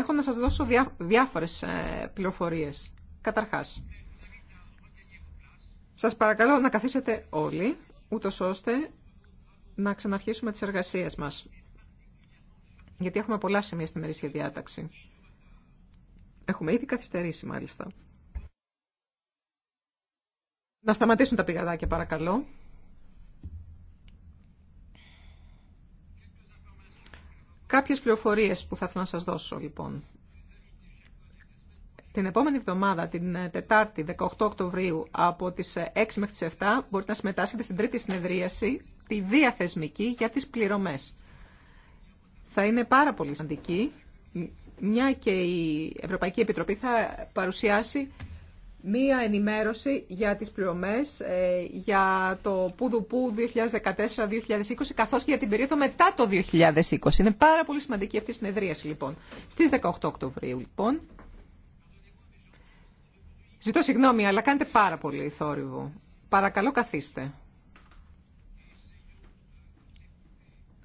Έχω να σας δώσω διά, διάφορες ε, πληροφορίες. Καταρχάς, σας παρακαλώ να καθίσετε όλοι, ούτως ώστε να ξαναρχίσουμε τις εργασίες μας. Γιατί έχουμε πολλά σημεία στη μερίσια διάταξη. Έχουμε ήδη καθυστερήσει, μάλιστα. Να σταματήσουν τα πηγαδάκια, παρακαλώ. Κάποιες πληροφορίες που θα ήθελα να σας δώσω λοιπόν. Την επόμενη εβδομάδα, την ε, Τετάρτη, 18 Οκτωβρίου, από τις 6 ε, μέχρι τις 7, μπορείτε να συμμετάσχετε στην τρίτη συνεδρίαση, τη διαθεσμική για τις πληρωμές. Θα είναι πάρα πολύ σημαντική, μια και η Ευρωπαϊκή Επιτροπή θα παρουσιάσει μία ενημέρωση για τις πληρωμές ε, για το Πουδουπού 2014-2020 καθώς και για την περίοδο μετά το 2020. Είναι πάρα πολύ σημαντική αυτή η συνεδρίαση λοιπόν. Στις 18 Οκτωβρίου λοιπόν. Ζητώ συγγνώμη αλλά κάνετε πάρα πολύ θόρυβο. Παρακαλώ καθίστε.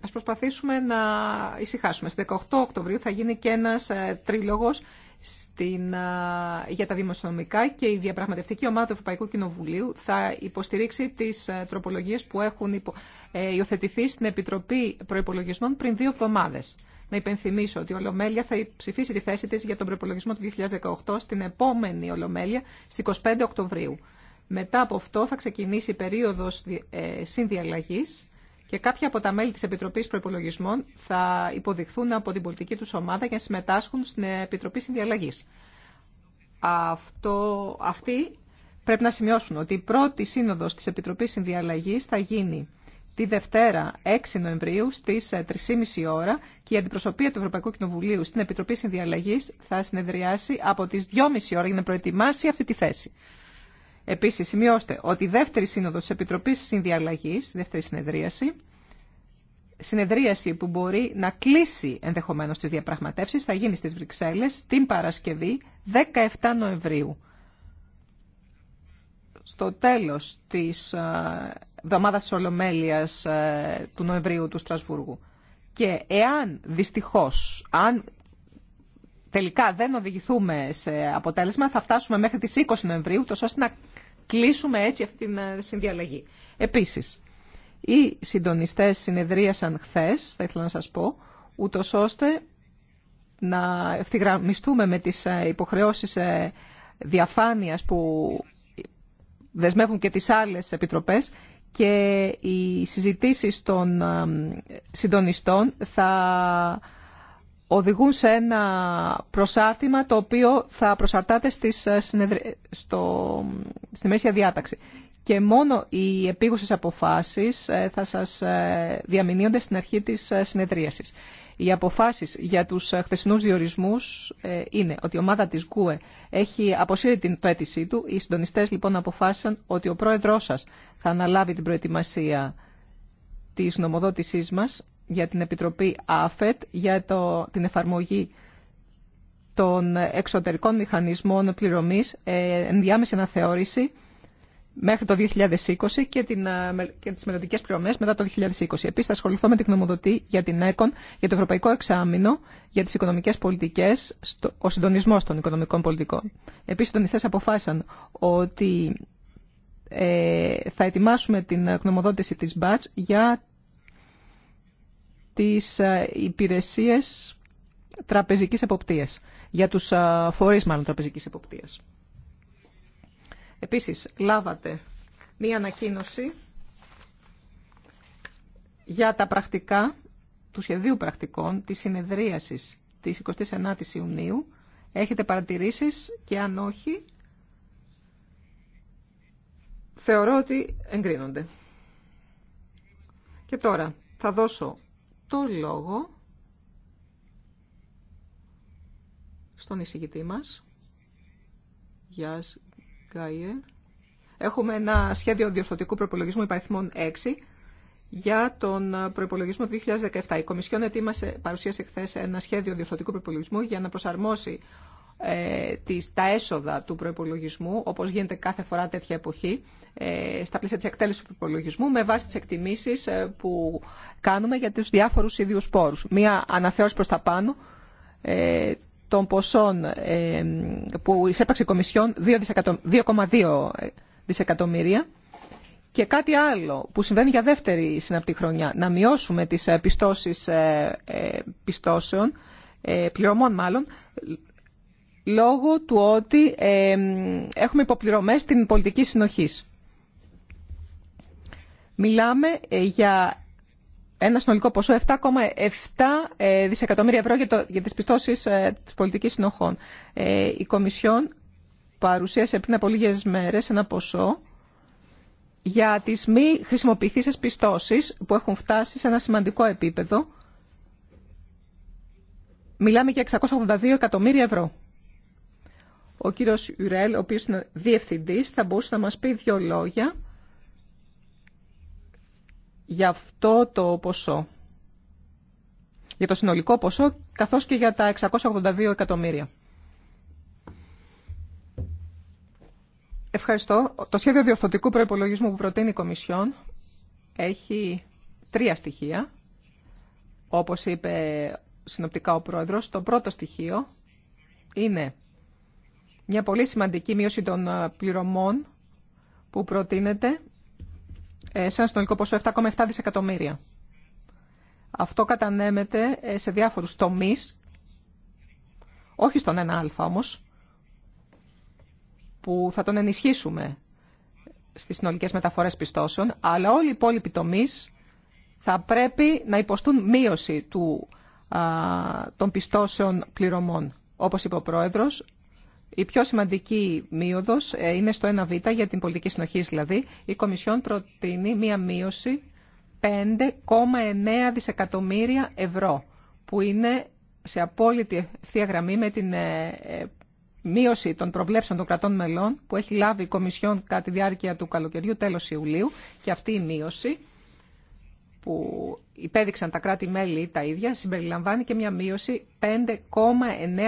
Ας προσπαθήσουμε να ησυχάσουμε. Στις 18 Οκτωβρίου θα γίνει και ένας ε, τρίλογος στην, για τα δημοσιονομικά και η διαπραγματευτική ομάδα του Ευρωπαϊκού Κοινοβουλίου θα υποστηρίξει τις ε, τροπολογίες που έχουν υπο, ε, υιοθετηθεί στην Επιτροπή Προϋπολογισμών πριν δύο εβδομάδες. Να υπενθυμίσω ότι η Ολομέλεια θα ψηφίσει τη θέση της για τον προπολογισμό του 2018 στην επόμενη Ολομέλεια στις 25 Οκτωβρίου. Μετά από αυτό θα ξεκινήσει η περίοδος ε, συνδιαλλαγής και κάποια από τα μέλη της Επιτροπής Προϋπολογισμών θα υποδειχθούν από την πολιτική του ομάδα για να συμμετάσχουν στην Επιτροπή Συνδιαλλαγής. Αυτό, αυτοί πρέπει να σημειώσουν ότι η πρώτη σύνοδος της Επιτροπής Συνδιαλλαγής θα γίνει τη Δευτέρα 6 Νοεμβρίου στις 3.30 ε, ώρα και η αντιπροσωπεία του Ευρωπαϊκού Κοινοβουλίου στην Επιτροπή Συνδιαλλαγής θα συνεδριάσει από τις 2.30 ώρα για να προετοιμάσει αυτή τη θέση. Επίση, σημειώστε ότι η δεύτερη σύνοδος της Επιτροπής Συνδιαλλαγής, δεύτερη συνεδρίαση, συνεδρίαση που μπορεί να κλείσει ενδεχομένως τι διαπραγματεύσεις, θα γίνει στις Βρυξέλλες την Παρασκευή 17 Νοεμβρίου. Στο τέλος της ε, εβδομάδα τη Ολομέλειας ε, του Νοεμβρίου του Στρασβούργου. Και εάν δυστυχώς, αν τελικά δεν οδηγηθούμε σε αποτέλεσμα, θα φτάσουμε μέχρι τις 20 Νοεμβρίου, τόσο ώστε να κλείσουμε έτσι αυτή την ε, συνδιαλλαγή. Επίσης, οι συντονιστές συνεδρίασαν χθες, θα ήθελα να σας πω, ούτω ώστε να ευθυγραμμιστούμε με τις ε, υποχρεώσεις ε, διαφάνειας που δεσμεύουν και τις άλλες επιτροπές και οι συζητήσεις των συντονιστών θα οδηγούν σε ένα προσάρτημα το οποίο θα προσαρτάται στις, ε, στο... στη μέση διάταξη. Και μόνο οι επίγουσες αποφάσεις ε, θα σας ε, διαμηνύονται στην αρχή της συνεδρίασης. Οι αποφάσεις για τους χθεσινούς διορισμούς είναι ότι η ομάδα της ΚΟΕ έχει αποσύρει το αίτησή του. Οι συντονιστές λοιπόν αποφάσισαν ότι ο πρόεδρός σας θα αναλάβει την προετοιμασία της νομοδότησής μας για την Επιτροπή ΑΦΕΤ για το, την εφαρμογή των εξωτερικών μηχανισμών πληρωμής ε, ενδιάμεση αναθεώρηση μέχρι το 2020 και, την, ε, και τις μελλοντικές πληρωμές μετά το 2020. Επίσης θα ασχοληθώ με την γνωμοδοτή για την ΕΚΟΝ, για το Ευρωπαϊκό Εξάμεινο, για τις οικονομικές πολιτικές, ο συντονισμός των οικονομικών πολιτικών. Επίσης οι συντονιστές αποφάσισαν ότι ε, θα ετοιμάσουμε την γνωμοδότηση της ΜΠΑΤΣ για τις ε, υπηρεσίες τραπεζικής εποπτείας, για τους ε, φορείς μάλλον τραπεζικής εποπτείας. Επίσης, λάβατε μία ανακοίνωση για τα πρακτικά, του σχεδίου πρακτικών, της συνεδρίασης της 29ης Ιουνίου. Έχετε παρατηρήσεις και αν όχι, θεωρώ ότι εγκρίνονται. Και τώρα θα δώσω το λόγο στον εισηγητή μας, Γιάς Γκάιερ. Έχουμε ένα σχέδιο διορθωτικού προπολογισμού υπαριθμών 6 για τον προπολογισμό 2017. Η Κομισιόν ετοίμασε, παρουσίασε χθε ένα σχέδιο διορθωτικού προπολογισμού για να προσαρμόσει ε, τα έσοδα του προπολογισμού, όπω γίνεται κάθε φορά τέτοια εποχή, ε, στα πλαίσια τη εκτέλεση του προπολογισμού, με βάση τι εκτιμήσει ε, που κάνουμε για του διάφορου ίδιου πόρου. Μία αναθεώρηση προ τα πάνω των ποσών που εισέπαξε η Κομισιόν 2,2 δισεκατομμύρια. Και κάτι άλλο που συμβαίνει για δεύτερη συναπτή χρονιά, να μειώσουμε τις πιστώσεις πιστώσεων, πληρωμών μάλλον, λόγω του ότι έχουμε υποπληρωμές στην πολιτική συνοχής. Μιλάμε ε, για ένα συνολικό ποσό 7,7 ε, δισεκατομμύρια ευρώ για, το, για τις πιστώσεις ε, της πολιτικής συνοχών. η Κομισιόν παρουσίασε πριν από λίγες μέρες ένα ποσό για τις μη χρησιμοποιηθήσεις πιστώσεις που έχουν φτάσει σε ένα σημαντικό επίπεδο. Μιλάμε για 682 εκατομμύρια ευρώ. Ο κύριος Ιουρέλ, ο οποίος είναι διευθυντής, θα μπορούσε να μας πει δύο λόγια για αυτό το ποσό. Για το συνολικό ποσό, καθώς και για τα 682 εκατομμύρια. Ευχαριστώ. Το σχέδιο διορθωτικού προϋπολογισμού που προτείνει η Κομισιόν έχει τρία στοιχεία. Όπως είπε συνοπτικά ο Πρόεδρος, το πρώτο στοιχείο είναι μια πολύ σημαντική μείωση των ε, πληρωμών που προτείνεται ε, σε ένα συνολικό ποσό 7,7 δισεκατομμύρια. Αυτό κατανέμεται ε, σε διάφορους τομείς, όχι στον 1α όμως, που θα τον ενισχύσουμε στις συνολικές μεταφορές πιστώσεων, αλλά όλοι οι υπόλοιποι τομείς θα πρέπει να υποστούν μείωση του, των πιστώσεων πληρωμών. Όπως είπε ο Πρόεδρος, η πιο σημαντική μείωδος ε, είναι στο 1β για την πολιτική συνοχή, δηλαδή η Κομισιόν προτείνει μία μείωση 5,9 δισεκατομμύρια ευρώ, που είναι σε απόλυτη ευθεία γραμμή με την ε, ε, μείωση των προβλέψεων των κρατών μελών που έχει λάβει η Κομισιόν κατά τη διάρκεια του καλοκαιριού τέλος Ιουλίου και αυτή η μείωση που υπέδειξαν τα κράτη-μέλη τα ίδια συμπεριλαμβάνει και μια μείωση 5,9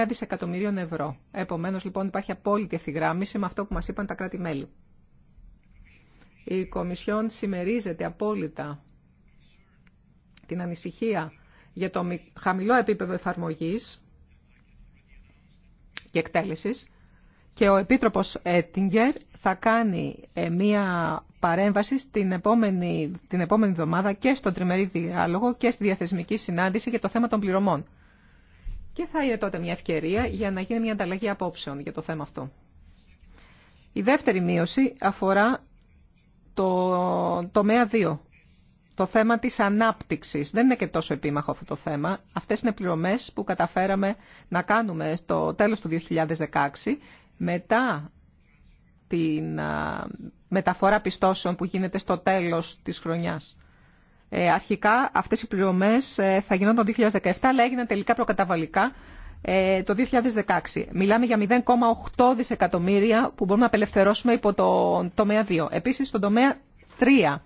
δισεκατομμυρίων ευρώ. Επομένως λοιπόν υπάρχει απόλυτη ευθυγράμμιση με αυτό που μας είπαν τα κράτη-μέλη. Η Κομισιόν συμμερίζεται απόλυτα την ανησυχία για το χαμηλό επίπεδο εφαρμογής και εκτέλεσης και ο Επίτροπος Έτιγκερ θα κάνει ε, μία παρέμβαση στην επόμενη, την επόμενη εβδομάδα και στον τριμερή διάλογο και στη διαθεσμική συνάντηση για το θέμα των πληρωμών. Και θα είναι τότε μια ευκαιρία για να γίνει μια ανταλλαγή απόψεων για το θέμα αυτό. Η δεύτερη μείωση αφορά το τομέα 2. Το θέμα της ανάπτυξης. Δεν είναι και τόσο επίμαχο αυτό το θέμα. Αυτές είναι πληρωμές που καταφέραμε να κάνουμε στο τέλος του 2016 μετά την μεταφορά πιστώσεων που γίνεται στο τέλος της χρονιάς. Ε, αρχικά αυτές οι πληρωμές ε, θα γινόταν το 2017, αλλά έγιναν τελικά προκαταβαλικά ε, το 2016. Μιλάμε για 0,8 δισεκατομμύρια που μπορούμε να απελευθερώσουμε υπό το τομέα 2. Επίσης, στον τομέα 3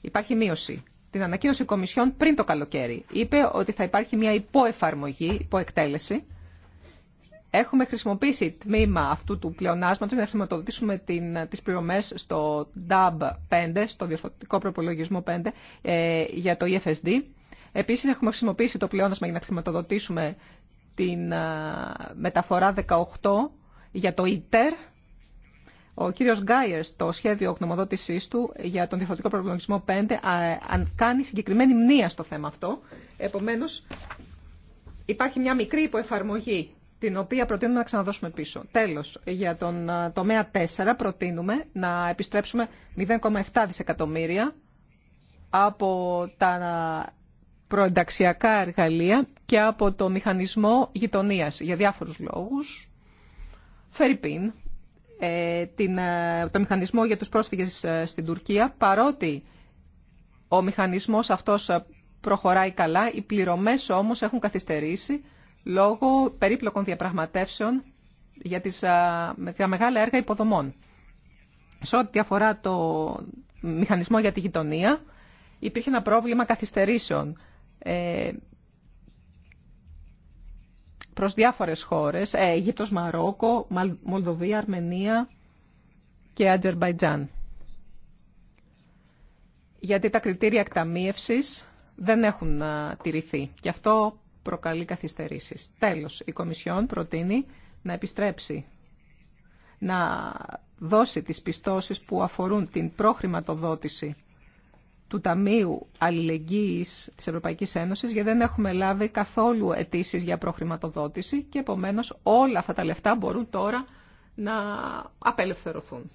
υπάρχει μείωση. Την ανακοίνωση Κομισιόν πριν το καλοκαίρι είπε ότι θα υπάρχει μια υποεφαρμογή, υποεκτέλεση, Έχουμε χρησιμοποιήσει τμήμα αυτού του πλεονάσματο για να χρηματοδοτήσουμε την, τις πληρωμές στο DAB5, στο Διορθωτικό Προπολογισμό 5, ε, για το EFSD. Επίσης, έχουμε χρησιμοποιήσει το πλεόνασμα για να χρηματοδοτήσουμε την ε, μεταφορά 18 για το ITER. Ο κύριος Γκάιερ το σχέδιο γνωμοδότησής του για τον Διορθωτικό Προπολογισμό 5 αν κάνει συγκεκριμένη μνήμα στο θέμα αυτό. Επομένως, υπάρχει μια μικρή υποεφαρμογή την οποία προτείνουμε να ξαναδώσουμε πίσω. Τέλος, για τον ε, τομέα 4 προτείνουμε να επιστρέψουμε 0,7 δισεκατομμύρια από τα προενταξιακά εργαλεία και από το μηχανισμό γειτονίας για διάφορους λόγους. Φερρυπίν, ε, ε, το μηχανισμό για τους πρόσφυγες στην Τουρκία, παρότι ο μηχανισμός αυτός προχωράει καλά, οι πληρωμές όμως έχουν καθυστερήσει λόγω περίπλοκων διαπραγματεύσεων για τις, μεγάλα έργα υποδομών. Σε ό,τι αφορά το μηχανισμό για τη γειτονία, υπήρχε ένα πρόβλημα καθυστερήσεων ε, προς διάφορες χώρες, ε, Αίγυπτος, Μαρόκο, Μολδοβία, Αρμενία και Ατζερμπαϊτζάν. Γιατί τα κριτήρια εκταμίευσης δεν έχουν τηρηθεί. Και αυτό προκαλεί καθυστερήσεις. Τέλος, η Κομισιόν προτείνει να επιστρέψει, να δώσει τις πιστώσεις που αφορούν την προχρηματοδότηση του Ταμείου Αλληλεγγύης της Ευρωπαϊκής Ένωσης, γιατί δεν έχουμε λάβει καθόλου αιτήσει για προχρηματοδότηση και επομένως όλα αυτά τα λεφτά μπορούν τώρα να απελευθερωθούν.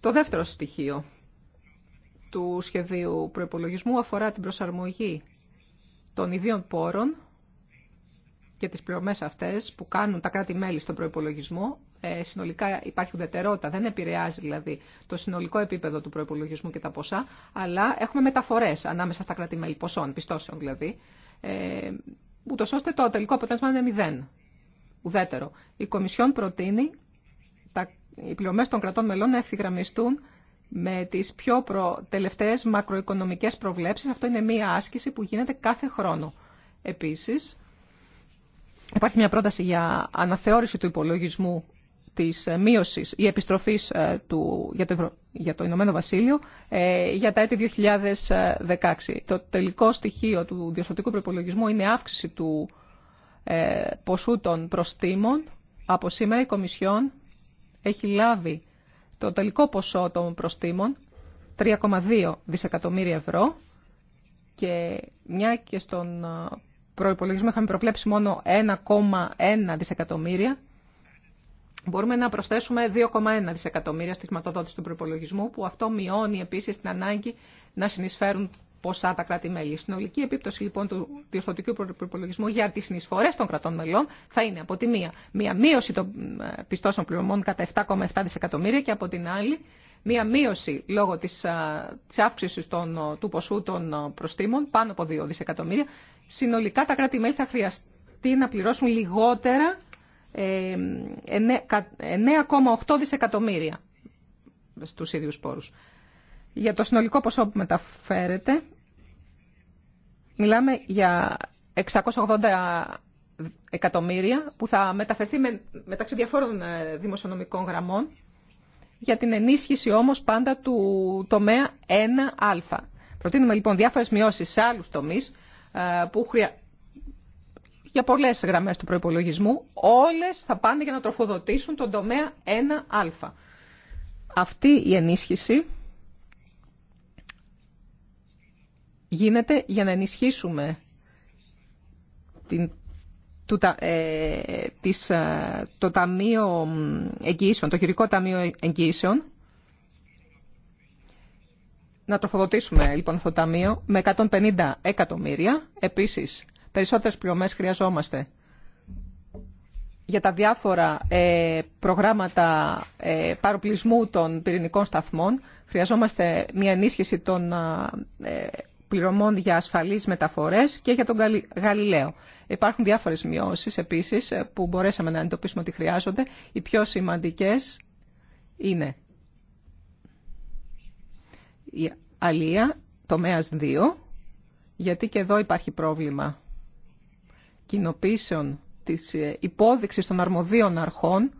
Το δεύτερο στοιχείο του σχεδίου προϋπολογισμού αφορά την προσαρμογή των ιδίων πόρων και τις πληρωμές αυτές που κάνουν τα κράτη-μέλη στον προϋπολογισμό, ε, συνολικά υπάρχει ουδετερότητα, δεν επηρεάζει δηλαδή το συνολικό επίπεδο του προϋπολογισμού και τα ποσά, αλλά έχουμε μεταφορές ανάμεσα στα κράτη-μέλη ποσών, πιστώσεων δηλαδή, ε, ώστε το τελικό αποτέλεσμα είναι μηδέν, ουδέτερο. Η Κομισιόν προτείνει τα, οι πληρωμές των κρατών μελών να ευθυγραμμιστούν με τις πιο προ... τελευταίες μακροοικονομικές προβλέψεις. Αυτό είναι μία άσκηση που γίνεται κάθε χρόνο. Επίσης, υπάρχει μια πρόταση για αναθεώρηση του υπολογισμού της ε, μείωσης ή επιστροφής ε, του, για, το Ευρω... για το Ηνωμένο Βασίλειο ε, για τα έτη 2016. Το τελικό στοιχείο του διορθωτικού προπολογισμού είναι αύξηση του ποσού των προστήμων. Από σήμερα η Κομισιόν έχει λάβει το τελικό ποσό των προστήμων, 3,2 δισεκατομμύρια ευρώ και μια και στον προϋπολογισμό είχαμε προβλέψει μόνο 1,1 δισεκατομμύρια, Μπορούμε να προσθέσουμε 2,1 δισεκατομμύρια στη χρηματοδότηση του προπολογισμού, που αυτό μειώνει επίση την ανάγκη να συνεισφέρουν ποσά τα κράτη-μέλη. Η συνολική επίπτωση λοιπόν του διορθωτικού προπολογισμού για τι συνεισφορέ των κρατών μελών θα είναι από τη μία μία μείωση των ε, πιστώσεων πληρωμών κατά 7,7 δισεκατομμύρια και από την άλλη μία μείωση λόγω τη ε, αύξηση ε, του ποσού των προστήμων πάνω από 2 δισεκατομμύρια. Συνολικά τα κράτη-μέλη θα χρειαστεί να πληρώσουν λιγότερα 9,8 δισεκατομμύρια στους ίδιους πόρους. Για το συνολικό ποσό που μεταφέρεται, μιλάμε για 680 εκατομμύρια που θα μεταφερθεί με, μεταξύ διαφόρων ε, δημοσιονομικών γραμμών για την ενίσχυση όμως πάντα του τομέα 1α. Προτείνουμε λοιπόν διάφορες μειώσεις σε άλλους τομείς ε, που χρεια... για πολλές γραμμές του προϋπολογισμού όλες θα πάνε για να τροφοδοτήσουν τον τομέα 1α. Αυτή η ενίσχυση γίνεται για να ενισχύσουμε την, το, ε, της, ε, το Ταμείο Εγγύησεων, το Χειρικό Ταμείο Εγγύησεων. Να τροφοδοτήσουμε λοιπόν αυτό το Ταμείο με 150 εκατομμύρια. Επίσης, περισσότερες πληρωμές χρειαζόμαστε για τα διάφορα ε, προγράμματα ε, παροπλισμού των πυρηνικών σταθμών. Χρειαζόμαστε μια ενίσχυση των πληρωμών για ασφαλείς μεταφορές και για τον Γαλιλαίο. Υπάρχουν διάφορες μειώσεις επίσης που μπορέσαμε να εντοπίσουμε ότι χρειάζονται. Οι πιο σημαντικές είναι η αλία, τομέας 2, γιατί και εδώ υπάρχει πρόβλημα κοινοποίησεων της ε, υπόδειξης των αρμοδίων αρχών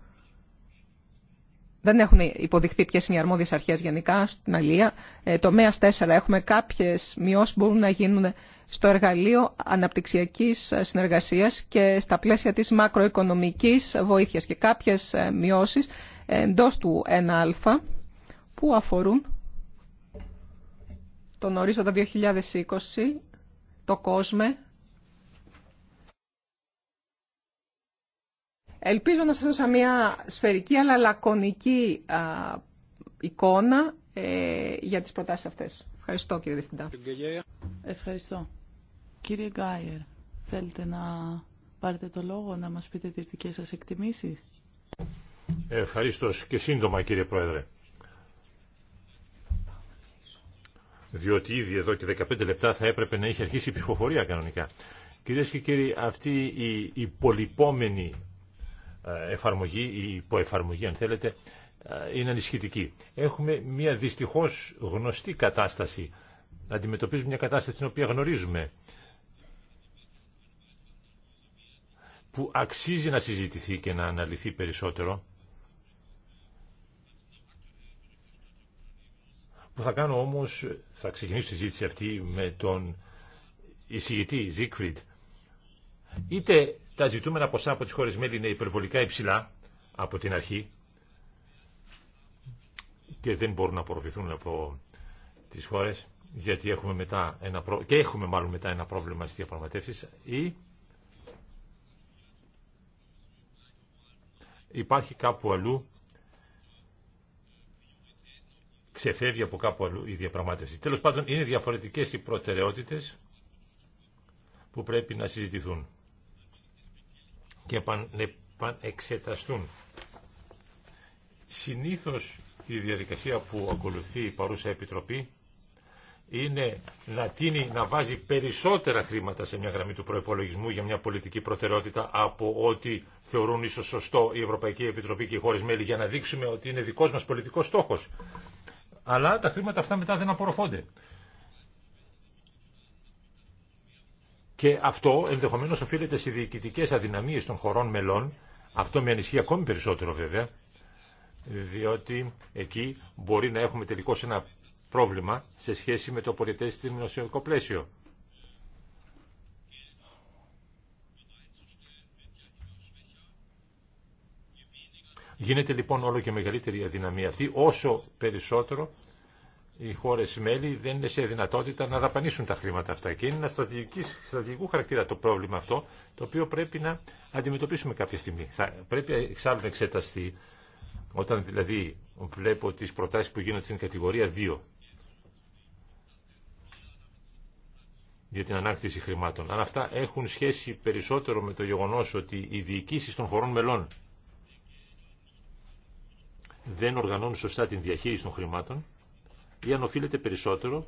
δεν έχουν υποδειχθεί ποιε είναι οι αρμόδιε αρχέ γενικά στην Αλία. Ε, τομέα 4 έχουμε κάποιε μειώσει που μπορούν να γίνουν στο εργαλείο αναπτυξιακή ε, συνεργασία και στα πλαίσια τη μακροοικονομική βοήθεια και κάποιε μειώσει εντό του 1α που αφορούν τον ορίζοντα 2020, το κόσμο Ελπίζω να σας δώσω μια σφαιρική αλλά λακωνική εικόνα ε, για τις προτάσεις αυτές. Ευχαριστώ κύριε Διευθυντά. Ευχαριστώ. Κύριε Γκάιερ, θέλετε να πάρετε το λόγο να μας πείτε τις δικές σας εκτιμήσεις. Ευχαριστώ και σύντομα κύριε Πρόεδρε. Διότι ήδη εδώ και 15 λεπτά θα έπρεπε να έχει αρχίσει η ψηφοφορία κανονικά. Κυρίε και κύριοι, αυτή η υπολοιπόμενη ε, εφαρμογή ή υποεφαρμογή αν θέλετε ε, είναι ανισχυτική. Έχουμε μια δυστυχώς γνωστή κατάσταση. Αντιμετωπίζουμε μια κατάσταση την οποία γνωρίζουμε που αξίζει να συζητηθεί και να αναλυθεί περισσότερο που θα κάνω όμως, θα ξεκινήσω τη συζήτηση αυτή με τον εισηγητή Ζίκφριντ είτε τα ζητούμενα ποσά από τις χώρες μέλη είναι υπερβολικά υψηλά από την αρχή και δεν μπορούν να απορροφηθούν από τις χώρες γιατί έχουμε μετά ένα και έχουμε μάλλον μετά ένα πρόβλημα στις διαπραγματεύσεις ή υπάρχει κάπου αλλού ξεφεύγει από κάπου αλλού η διαπραγμάτευση. Τέλος πάντων είναι διαφορετικές οι προτεραιότητες που πρέπει να συζητηθούν και επανεξεταστούν. Συνήθως η διαδικασία που ακολουθεί η παρούσα Επιτροπή είναι να τίνει να βάζει περισσότερα χρήματα σε μια γραμμή του προπολογισμού για μια πολιτική προτεραιότητα από ό,τι θεωρούν ίσως σωστό η Ευρωπαϊκή Επιτροπή και οι χώρες μέλη για να δείξουμε ότι είναι δικός μας πολιτικός στόχος. Αλλά τα χρήματα αυτά μετά δεν απορροφώνται. Και αυτό ενδεχομένω οφείλεται σε διοικητικέ αδυναμίε των χωρών μελών. Αυτό με ανισχύει ακόμη περισσότερο βέβαια, διότι εκεί μπορεί να έχουμε τελικώ ένα πρόβλημα σε σχέση με το πολιτέ δημοσιονομικό πλαίσιο. Γίνεται λοιπόν όλο και μεγαλύτερη η αδυναμία αυτή, όσο περισσότερο οι χώρε μέλη δεν είναι σε δυνατότητα να δαπανίσουν τα χρήματα αυτά. Και είναι ένα στρατηγικού χαρακτήρα το πρόβλημα αυτό, το οποίο πρέπει να αντιμετωπίσουμε κάποια στιγμή. Θα, πρέπει εξάλλου να εξεταστεί, όταν δηλαδή βλέπω τι προτάσει που γίνονται στην κατηγορία 2, για την ανάκτηση χρημάτων. Αν αυτά έχουν σχέση περισσότερο με το γεγονός ότι οι διοικήσεις των χωρών μελών δεν οργανώνουν σωστά την διαχείριση των χρημάτων, ή αν οφείλεται περισσότερο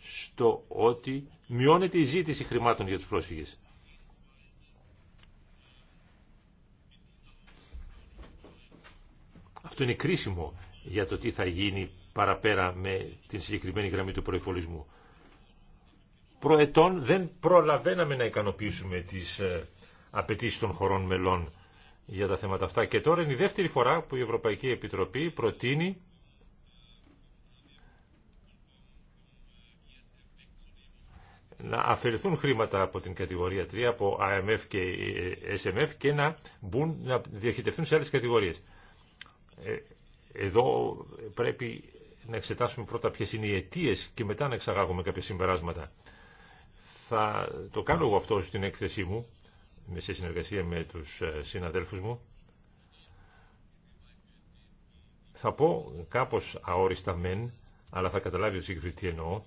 στο ότι μειώνεται η ζήτηση χρημάτων για τους πρόσφυγες. Αυτό είναι κρίσιμο για το τι θα γίνει παραπέρα με την συγκεκριμένη γραμμή του προϋπολισμού. Προετών δεν προλαβαίναμε να ικανοποιήσουμε τις ε, απαιτήσει των χωρών μελών για τα θέματα αυτά. Και τώρα είναι η δεύτερη φορά που η Ευρωπαϊκή Επιτροπή προτείνει να αφαιρεθούν χρήματα από την κατηγορία 3, από AMF και ε, SMF και να, μπουν, να σε άλλες κατηγορίες. Ε, εδώ πρέπει να εξετάσουμε πρώτα ποιες είναι οι αιτίες και μετά να εξαγάγουμε κάποια συμπεράσματα. Θα το κάνω εγώ αυτό στην έκθεσή μου, σε συνεργασία με τους ε, συναδέλφους μου. Θα πω κάπως αόριστα μεν, αλλά θα καταλάβει ο συγκριτή εννοώ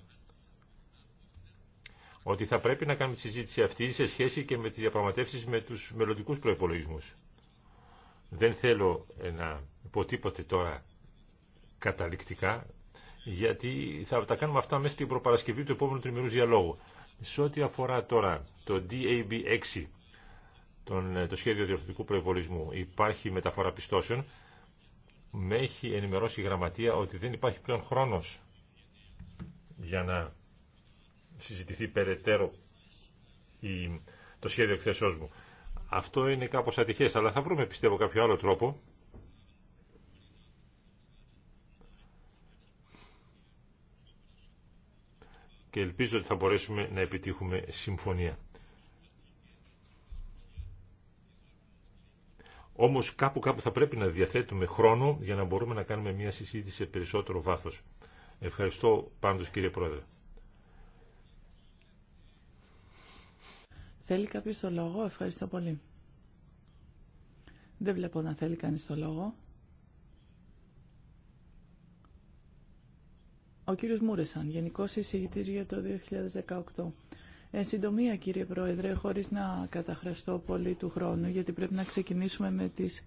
ότι θα πρέπει να κάνουμε τη συζήτηση αυτή σε σχέση και με τις διαπραγματεύσεις με τους μελλοντικού προπολογισμού. Δεν θέλω να πω τίποτε τώρα καταληκτικά, γιατί θα τα κάνουμε αυτά μέσα στην προπαρασκευή του επόμενου τριμηρού διαλόγου. Σε ό,τι αφορά τώρα το DAB6, τον, ε, το σχέδιο διορθωτικού προπολογισμού, υπάρχει μεταφορά πιστώσεων, με έχει ενημερώσει η γραμματεία ότι δεν υπάρχει πλέον χρόνος για να συζητηθεί περαιτέρω η, το σχέδιο εκθέσεώς μου. Αυτό είναι κάπως ατυχές, αλλά θα βρούμε πιστεύω κάποιο άλλο τρόπο και ελπίζω ότι θα μπορέσουμε να επιτύχουμε συμφωνία. Όμως κάπου κάπου θα πρέπει να διαθέτουμε χρόνο για να μπορούμε να κάνουμε μια συζήτηση σε περισσότερο βάθος. Ευχαριστώ πάντως κύριε Πρόεδρε. Θέλει κάποιος το λόγο. Ευχαριστώ πολύ. Δεν βλέπω να θέλει κανείς το λόγο. Ο κύριος Μούρεσαν, Γενικός Εισηγητής για το 2018. Εν συντομία, κύριε Πρόεδρε, χωρίς να καταχραστώ πολύ του χρόνου, γιατί πρέπει να ξεκινήσουμε με τις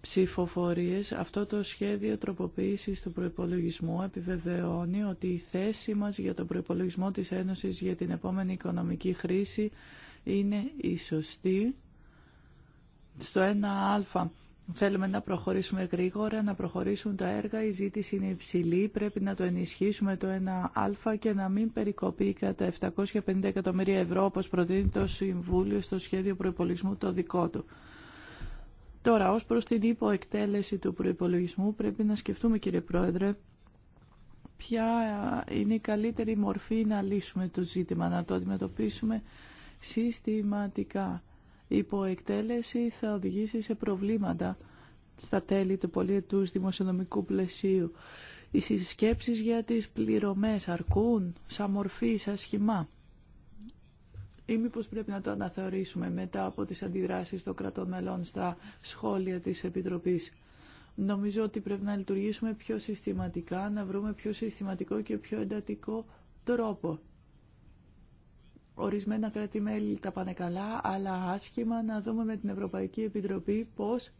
ψηφοφορίες, αυτό το σχέδιο τροποποίησης του προϋπολογισμού επιβεβαιώνει ότι η θέση μας για τον προϋπολογισμό της Ένωσης για την επόμενη οικονομική χρήση είναι η σωστή. Στο 1α θέλουμε να προχωρήσουμε γρήγορα, να προχωρήσουν τα έργα, η ζήτηση είναι υψηλή, πρέπει να το ενισχύσουμε το 1α και να μην περικοπεί κατά 750 εκατομμύρια ευρώ όπως προτείνει το Συμβούλιο στο σχέδιο προϋπολογισμού το δικό του. Τώρα, ως προς την υποεκτέλεση του προϋπολογισμού πρέπει να σκεφτούμε κύριε Πρόεδρε ποια είναι η καλύτερη μορφή να λύσουμε το ζήτημα, να το αντιμετωπίσουμε συστηματικά. Η υποεκτέλεση θα οδηγήσει σε προβλήματα στα τέλη του πολιετού δημοσιονομικού πλαισίου. Οι συσκέψεις για τις πληρωμές αρκούν σαν μορφή, σαν σχημά. Ή μήπω πρέπει να το αναθεωρήσουμε μετά από τις αντιδράσεις των κρατών μελών στα σχόλια της Επιτροπής. Νομίζω ότι πρέπει να λειτουργήσουμε πιο συστηματικά, να βρούμε πιο συστηματικό και πιο εντατικό τρόπο ορισμένα κράτη-μέλη τα πάνε καλά, αλλά άσχημα να δούμε με την Ευρωπαϊκή Επιτροπή πώς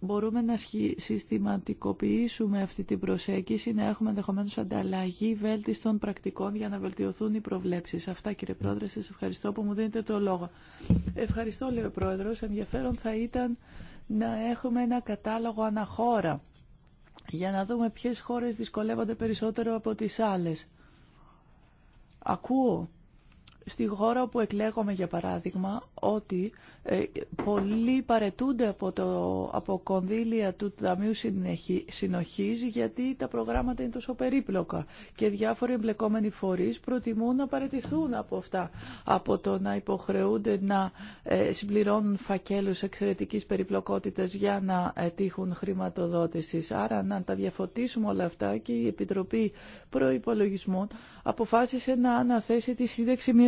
μπορούμε να συστηματικοποιήσουμε αυτή την προσέγγιση, να έχουμε ενδεχομένω ανταλλαγή βέλτιστων πρακτικών για να βελτιωθούν οι προβλέψει. Αυτά κύριε Πρόεδρε, σα ευχαριστώ που μου δίνετε το λόγο. Ευχαριστώ, λέει ο Πρόεδρο. Ενδιαφέρον θα ήταν να έχουμε ένα κατάλογο αναχώρα για να δούμε ποιες χώρες δυσκολεύονται περισσότερο από τις άλλες. Ακούω στη χώρα όπου εκλέγουμε για παράδειγμα ότι ε, πολλοί παρετούνται από, το, από κονδύλια του Ταμείου Συνοχής γιατί τα προγράμματα είναι τόσο περίπλοκα και διάφοροι εμπλεκόμενοι φορείς προτιμούν να παρετηθούν από αυτά από το να υποχρεούνται να ε, συμπληρώνουν φακέλους εξαιρετικής περιπλοκότητας για να ε, τύχουν χρηματοδότησης. Άρα να τα διαφωτίσουμε όλα αυτά και η Επιτροπή Προϋπολογισμών αποφάσισε να αναθέσει τη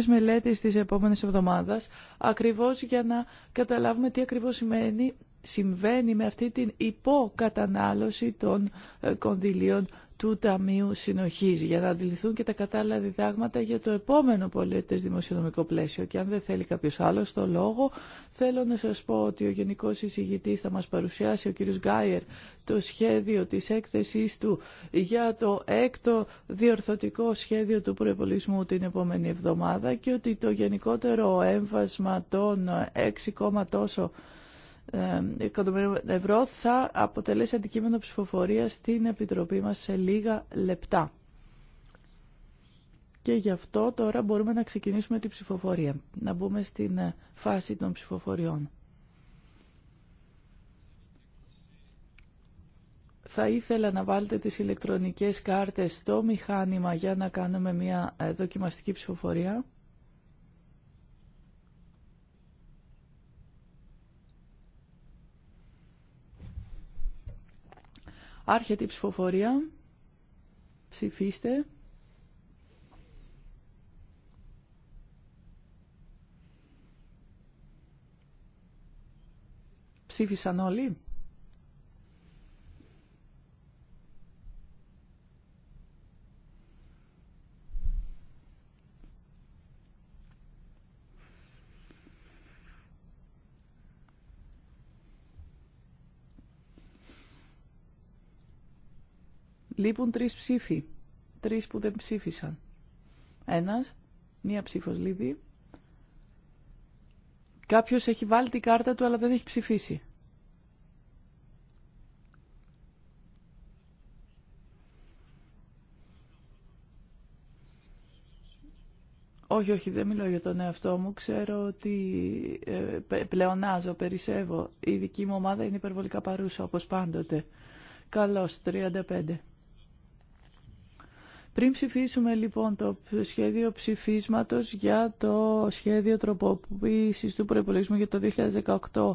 τις μελέτης της επόμενης εβδομάδας, ακριβώς για να καταλάβουμε τι ακριβώς σημαίνει, συμβαίνει με αυτή την υποκατανάλωση των ε, κονδυλίων του Ταμείου Συνοχής για να αντιληφθούν και τα κατάλληλα διδάγματα για το επόμενο πολίτες δημοσιονομικό πλαίσιο. Και αν δεν θέλει κάποιο άλλο το λόγο, θέλω να σας πω ότι ο Γενικός Εισηγητής θα μας παρουσιάσει, ο κ. Γκάιερ, το σχέδιο της έκθεσής του για το έκτο διορθωτικό σχέδιο του προεπολισμού την επόμενη εβδομάδα και ότι το γενικότερο έμβασμα των 6, τόσο ε, εκατομμυρίων ευρώ θα αποτελέσει αντικείμενο ψηφοφορία στην Επιτροπή μας σε λίγα λεπτά. Και γι' αυτό τώρα μπορούμε να ξεκινήσουμε τη ψηφοφορία, να μπούμε στην ε, φάση των ψηφοφοριών. Θα ήθελα να βάλετε τις ηλεκτρονικές κάρτες στο μηχάνημα για να κάνουμε μια ε, δοκιμαστική ψηφοφορία. Άρχεται η ψηφοφορία. Ψηφίστε. Ψήφισαν όλοι. Λείπουν τρεις ψήφοι. Τρεις που δεν ψήφισαν. Ένας, μία ψήφος λείπει. Κάποιος έχει βάλει την κάρτα του αλλά δεν έχει ψηφίσει. Όχι, όχι, δεν μιλώ για τον εαυτό μου. Ξέρω ότι ε, πλεονάζω, περισσεύω. Η δική μου ομάδα είναι υπερβολικά παρούσα, όπως πάντοτε. Καλώς, 35. Πριν ψηφίσουμε λοιπόν το σχέδιο ψηφίσματος για το σχέδιο τροποποίησης του προϋπολογισμού για το 2018,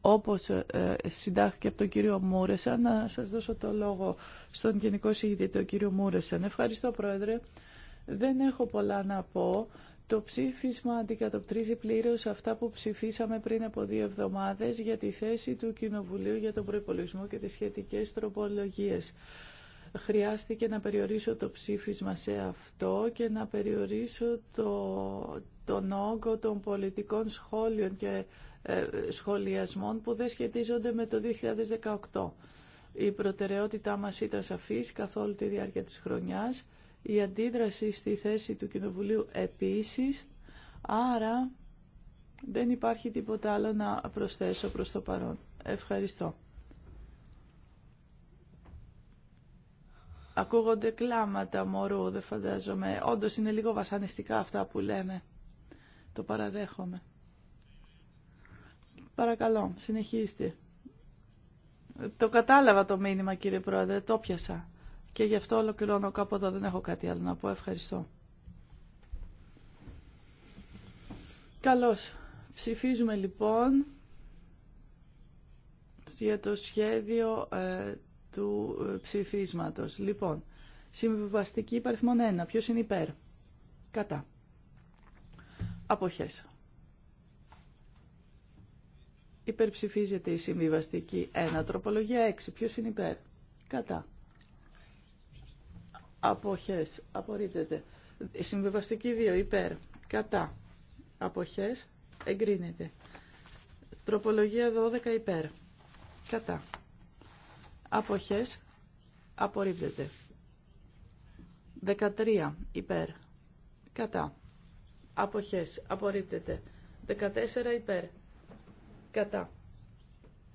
όπως ε, συντάχθηκε από τον κύριο Μουρέσα να σας δώσω το λόγο στον Γενικό Συγητή, τον κύριο Μούρεσαν. Ευχαριστώ, Πρόεδρε. Δεν έχω πολλά να πω. Το ψήφισμα αντικατοπτρίζει πλήρως αυτά που ψηφίσαμε πριν από δύο εβδομάδες για τη θέση του Κοινοβουλίου για τον προϋπολογισμό και τις σχετικές τροπολογίες χρειάστηκε να περιορίσω το ψήφισμα σε αυτό και να περιορίσω το, τον όγκο των πολιτικών σχόλειων και ε, σχολιασμών που δεν σχετίζονται με το 2018. Η προτεραιότητά μας ήταν σαφής καθ' όλη τη διάρκεια της χρονιάς, η αντίδραση στη θέση του Κοινοβουλίου επίσης, άρα δεν υπάρχει τίποτα άλλο να προσθέσω προς το παρόν. Ευχαριστώ. Ακούγονται κλάματα μωρού, δεν φαντάζομαι. Όντω είναι λίγο βασανιστικά αυτά που λέμε. Το παραδέχομαι. Παρακαλώ, συνεχίστε. Το κατάλαβα το μήνυμα κύριε Πρόεδρε, το πιασα. Και γι' αυτό ολοκληρώνω κάπου εδώ, δεν έχω κάτι άλλο να πω. Ευχαριστώ. Καλώς. Ψηφίζουμε λοιπόν για το σχέδιο ε, του ε, ψηφίσματος. Λοιπόν, συμβιβαστική υπαριθμών 1. Ποιο είναι υπέρ. Κατά. Αποχές. Υπερψηφίζεται η συμβιβαστική 1. Τροπολογία 6. Ποιο είναι υπέρ. Κατά. Αποχές. Απορρίπτεται. Συμβιβαστική 2. Υπέρ. Κατά. Αποχές. Εγκρίνεται. Τροπολογία 12. Υπέρ. Κατά. Αποχές. Απορρίπτεται. 13. Υπέρ. Κατά. Αποχές. Απορρίπτεται. 14. Υπέρ. Κατά.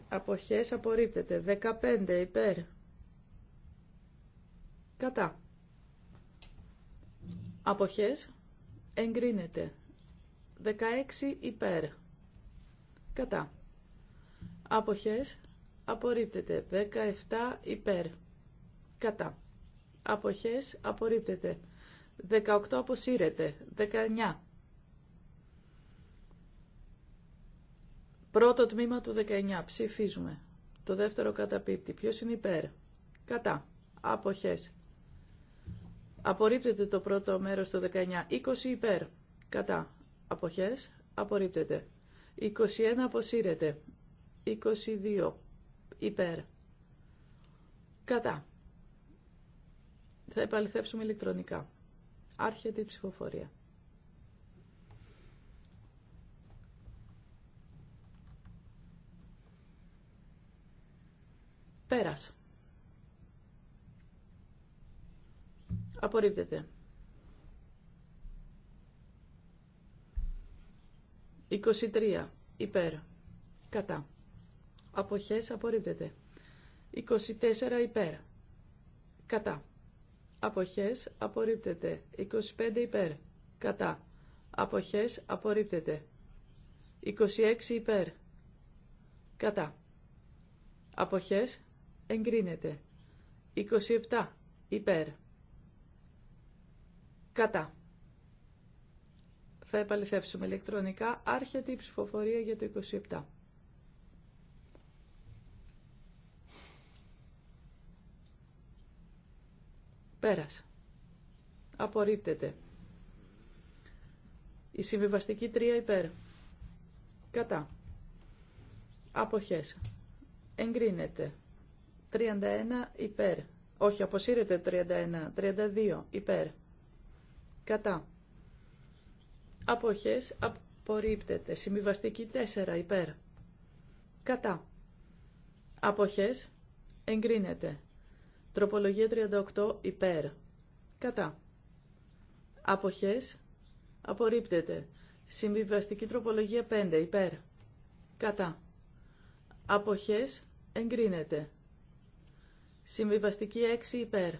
Αποχές. Απορρίπτεται. 15. Υπέρ. Κατά. Αποχές. Εγκρίνεται. 16. Υπέρ. Κατά. Αποχές απορρίπτεται. 17 υπέρ. Κατά. Αποχές απορρίπτεται. 18 αποσύρεται. 19. Πρώτο τμήμα του 19. Ψηφίζουμε. Το δεύτερο καταπίπτει. Ποιος είναι υπέρ. Κατά. Αποχές. Απορρίπτεται το πρώτο μέρος το 19. 20 υπέρ. Κατά. Αποχές. Απορρίπτεται. 21 αποσύρεται. 22 υπέρ. Κατά. Θα επαληθεύσουμε ηλεκτρονικά. Άρχεται η ψηφοφορία. Πέρας. Απορρίπτεται. 23. Υπέρ. Κατά. Αποχές απορρίπτεται. 24 υπέρ. Κατά. Αποχές απορρίπτεται. 25 υπέρ. Κατά. Αποχές απορρίπτεται. 26 υπέρ. Κατά. Αποχές εγκρίνεται. 27 υπέρ. Κατά. Θα επαληθεύσουμε ηλεκτρονικά. Άρχεται η ψηφοφορία για το 27. Πέρασε. Απορρίπτεται. Η συμβιβαστική 3 υπέρ. Κατά. Αποχές. Εγκρίνεται. 31 υπέρ. Όχι, αποσύρεται 31. 32 υπέρ. Κατά. Αποχές απορρίπτεται. Συμβιβαστική 4 υπέρ. Κατά. Αποχές εγκρίνεται. Τροπολογία 38 υπέρ. Κατά. Αποχές. Απορρίπτεται. Συμβιβαστική τροπολογία 5 υπέρ. Κατά. Αποχές. Εγκρίνεται. Συμβιβαστική 6 υπέρ.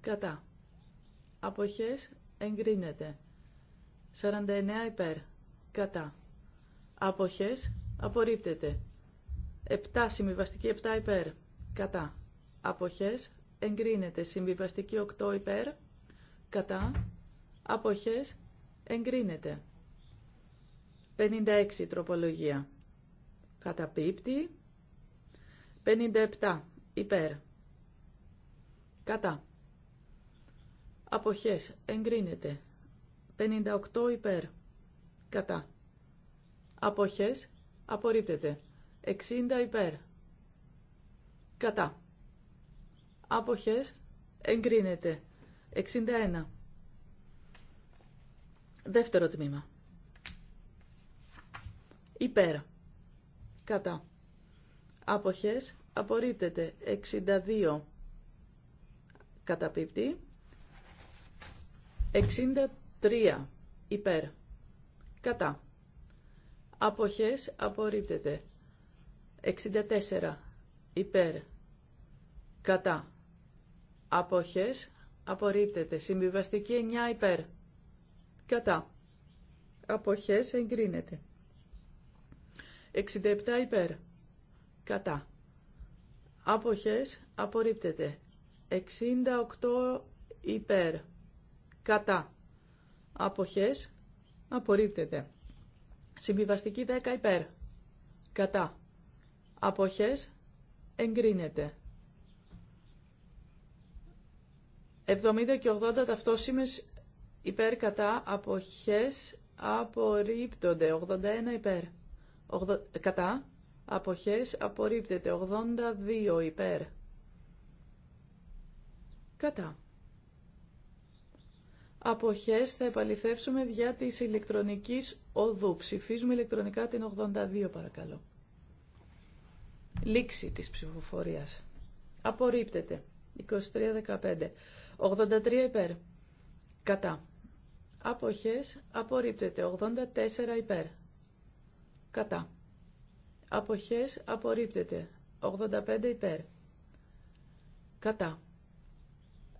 Κατά. Αποχές. Εγκρίνεται. 49 υπέρ. Κατά. Αποχές. Απορρίπτεται. 7 συμβιβαστική 7 υπέρ. Κατά αποχές εγκρίνεται. Συμβιβαστική 8 υπέρ, κατά, αποχές εγκρίνεται. 56 τροπολογία. Καταπίπτει. 57 υπέρ. Κατά. Αποχές εγκρίνεται. 58 υπέρ. Κατά. Αποχές απορρίπτεται. 60 υπέρ. Κατά. Αποχές. Εγκρίνεται. 61. Δεύτερο τμήμα. Υπέρ. Κατά. Αποχές. Απορρίπτεται. 62. Καταπίπτει. 63. Υπέρ. Κατά. Αποχές. Απορρίπτεται. 64. Υπέρ. Κατά. Αποχές απορρίπτεται. Συμβιβαστική 9 υπέρ. Κατά. Αποχές εγκρίνεται. 67 υπέρ. Κατά. Αποχές απορρίπτεται. 68 υπέρ. Κατά. Αποχές απορρίπτεται. Συμβιβαστική 10 υπέρ. Κατά. Αποχές εγκρίνεται. 70 και 80 ταυτόσημες υπέρ κατά αποχές απορρίπτονται. 81 υπέρ κατά αποχές απορρίπτεται. 82 υπέρ κατά. Αποχές θα επαληθεύσουμε για της ηλεκτρονικής οδού. Ψηφίζουμε ηλεκτρονικά την 82 παρακαλώ. Λήξη της ψηφοφορίας. Απορρίπτεται. 23-15. 83 υπέρ. Κατά. Αποχές απορρίπτεται. 84 υπέρ. Κατά. Αποχές απορρίπτεται. 85 υπέρ. Κατά.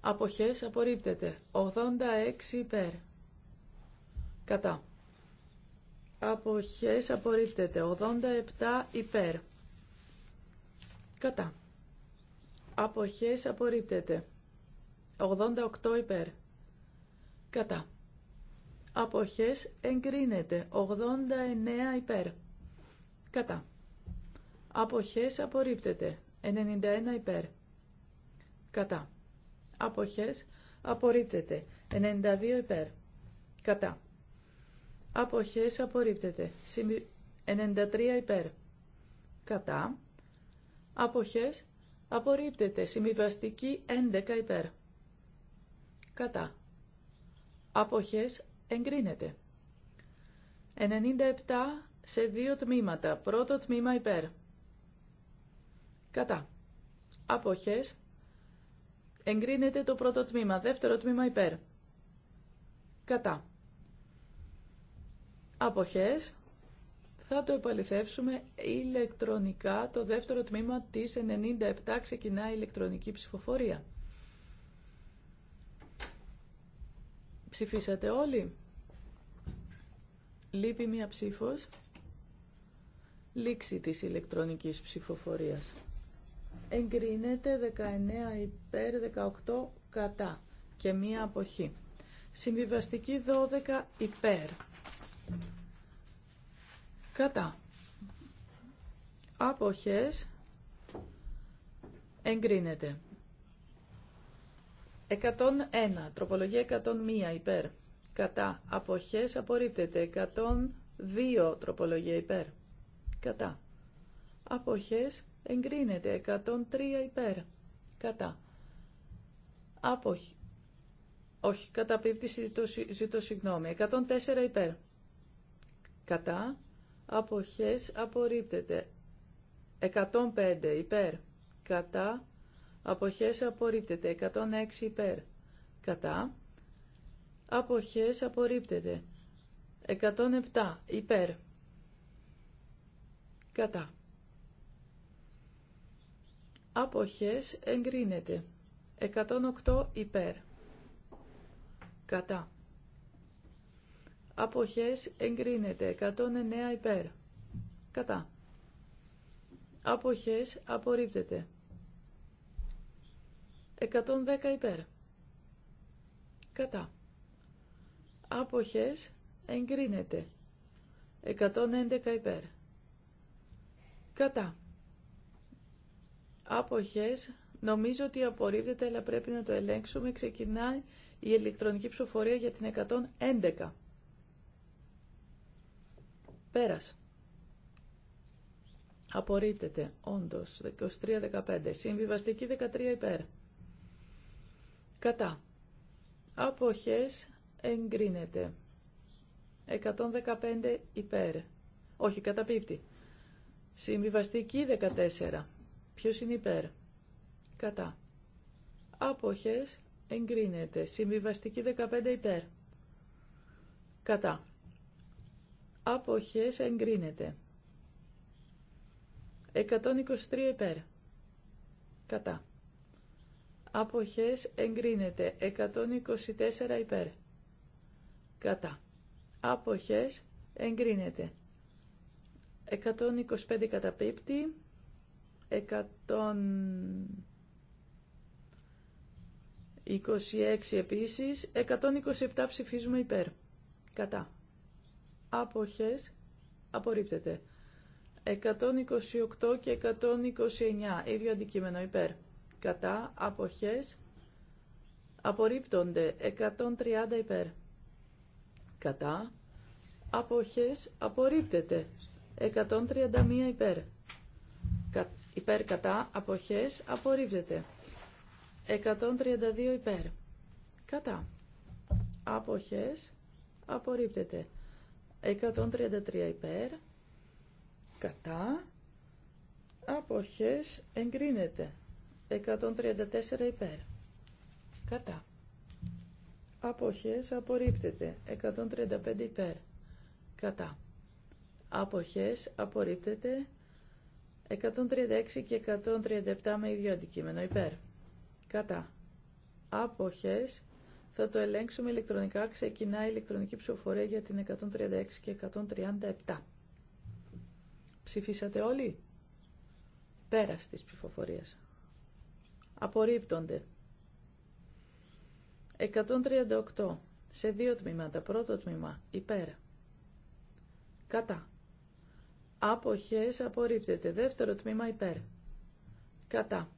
Αποχές απορρίπτεται. 86 υπέρ. Κατά. Αποχές απορρίπτεται. 87 υπέρ. Κατά. Αποχές απορρίπτεται. 88 υπέρ. Κατά. Αποχές εγκρίνεται. 89 υπέρ. Κατά. Αποχές απορρίπτεται. 91 υπέρ. Κατά. Αποχές απορρίπτεται. 92 υπέρ. Κατά. Αποχές απορρίπτεται. 93 υπέρ. Κατά. Αποχές απορρίπτεται. Συμβιβαστική 11 υπέρ κατά. Αποχές εγκρίνεται. 97 σε δύο τμήματα. Πρώτο τμήμα υπέρ. Κατά. Αποχές εγκρίνεται το πρώτο τμήμα. Δεύτερο τμήμα υπέρ. Κατά. Αποχές θα το επαληθεύσουμε ηλεκτρονικά. Το δεύτερο τμήμα της 97 ξεκινά ηλεκτρονική ψηφοφορία. Ψηφίσατε όλοι. Λείπει μία ψήφος. Λήξη της ηλεκτρονικής ψηφοφορίας. Εγκρίνεται 19 υπέρ 18 κατά και μία αποχή. Συμβιβαστική 12 υπέρ. Κατά. Αποχές εγκρίνεται. 101. Τροπολογία 101 υπέρ. Κατά. Αποχές απορρίπτεται. 102. Τροπολογία υπέρ. Κατά. Αποχές εγκρίνεται. 103 υπέρ. Κατά. Αποχ... Όχι, κατά πίπτη ζητώ, ζητώ συγγνώμη. 104 υπέρ. Κατά. Αποχές απορρίπτεται. 105 υπέρ. Κατά. Αποχές απορρίπτεται. 106 υπέρ. Κατά. Αποχές απορρίπτεται. 107 υπέρ. Κατά. Αποχές εγκρίνεται. 108 υπέρ. Κατά. Αποχές εγκρίνεται. 109 υπέρ. Κατά. Αποχές απορρίπτεται. 110 υπέρ. Κατά. Άποχες εγκρίνεται. 111 υπέρ. Κατά. Άποχες νομίζω ότι απορρίπτεται αλλά πρέπει να το ελέγξουμε. Ξεκινάει η ηλεκτρονική ψηφοφορία για την 111. Πέρας. Απορρίπτεται, όντως, 23-15. Συμβιβαστική 13 υπέρ. Κατά. Αποχές εγκρίνεται. 115 υπέρ. Όχι, καταπίπτει. Συμβιβαστική 14. Ποιος είναι υπέρ. Κατά. Αποχές εγκρίνεται. Συμβιβαστική 15 υπέρ. Κατά. Αποχές εγκρίνεται. 123 υπέρ. Κατά. Αποχές εγκρίνεται 124 υπέρ. Κατά. Αποχές εγκρίνεται 125 καταπίπτει. 126 επίσης. 127 ψηφίζουμε υπέρ. Κατά. Αποχές απορρίπτεται. 128 και 129 ίδιο αντικείμενο υπέρ κατά αποχές απορρίπτονται 130 υπέρ κατά αποχές απορρίπτεται 131 υπέρ Κα, υπέρ κατά αποχές απορρίπτεται 132 υπέρ κατά αποχές απορρίπτεται 133 υπέρ κατά αποχές εγκρίνεται 134 υπέρ. Κατά. Αποχές απορρίπτεται. 135 υπέρ. Κατά. Αποχές απορρίπτεται. 136 και 137 με ίδιο αντικείμενο υπέρ. Κατά. Αποχές θα το ελέγξουμε ηλεκτρονικά. Ξεκινά η ηλεκτρονική ψηφοφορία για την 136 και 137. Ψηφίσατε όλοι. Πέρας της ψηφοφορίας απορρίπτονται. 138 σε δύο τμήματα. Πρώτο τμήμα υπέρ. Κατά. Αποχές απορρίπτεται. Δεύτερο τμήμα υπέρ. Κατά.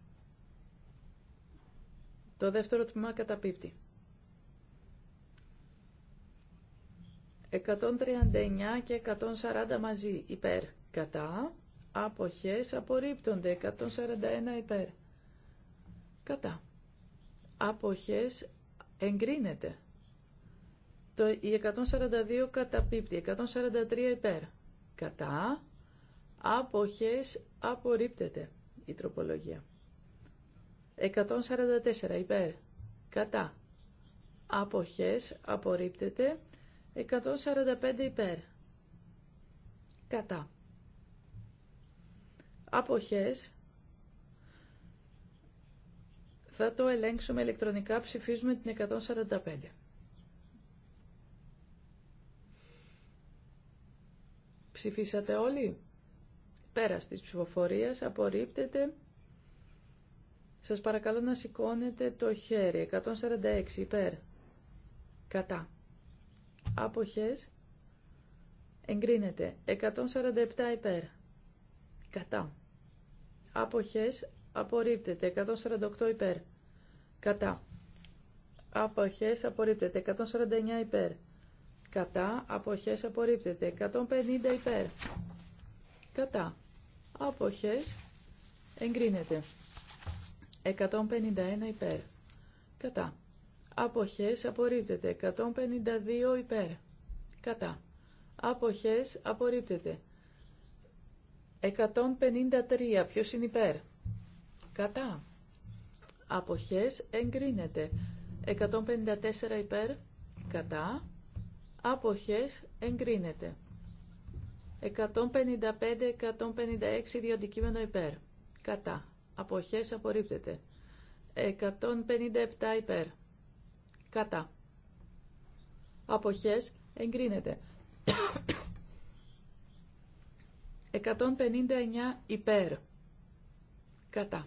Το δεύτερο τμήμα καταπίπτει. 139 και 140 μαζί υπέρ. Κατά. Αποχές απορρίπτονται. 141 υπέρ κατά. Αποχές εγκρίνεται. Το, η 142 καταπίπτει, 143 υπέρ. Κατά. Αποχές απορρίπτεται η τροπολογία. 144 υπέρ. Κατά. Αποχές απορρίπτεται. 145 υπέρ. Κατά. Αποχές θα το ελέγξουμε ηλεκτρονικά. Ψηφίζουμε την 145. Ψηφίσατε όλοι. Πέρα της ψηφοφορίας απορρίπτεται. Σας παρακαλώ να σηκώνετε το χέρι. 146 υπέρ. Κατά. Αποχές. Εγκρίνεται. 147 υπέρ. Κατά. Αποχές απορρίπτεται 148 υπέρ. Κατά. Αποχές απορρίπτεται 149 υπέρ. Κατά. Αποχές απορρίπτεται 150 υπέρ. Κατά. Αποχές εγκρίνεται 151 υπέρ. Κατά. Αποχές απορρίπτεται 152 υπέρ. Κατά. Αποχές απορρίπτεται 153. Ποιος είναι υπέρ. Κατά. Αποχές εγκρίνεται. 154 υπέρ. Κατά. Αποχές εγκρίνεται. 155-156 δύο υπέρ. Κατά. Αποχές απορρίπτεται. 157 υπέρ. Κατά. Αποχές εγκρίνεται. 159 υπέρ. Κατά.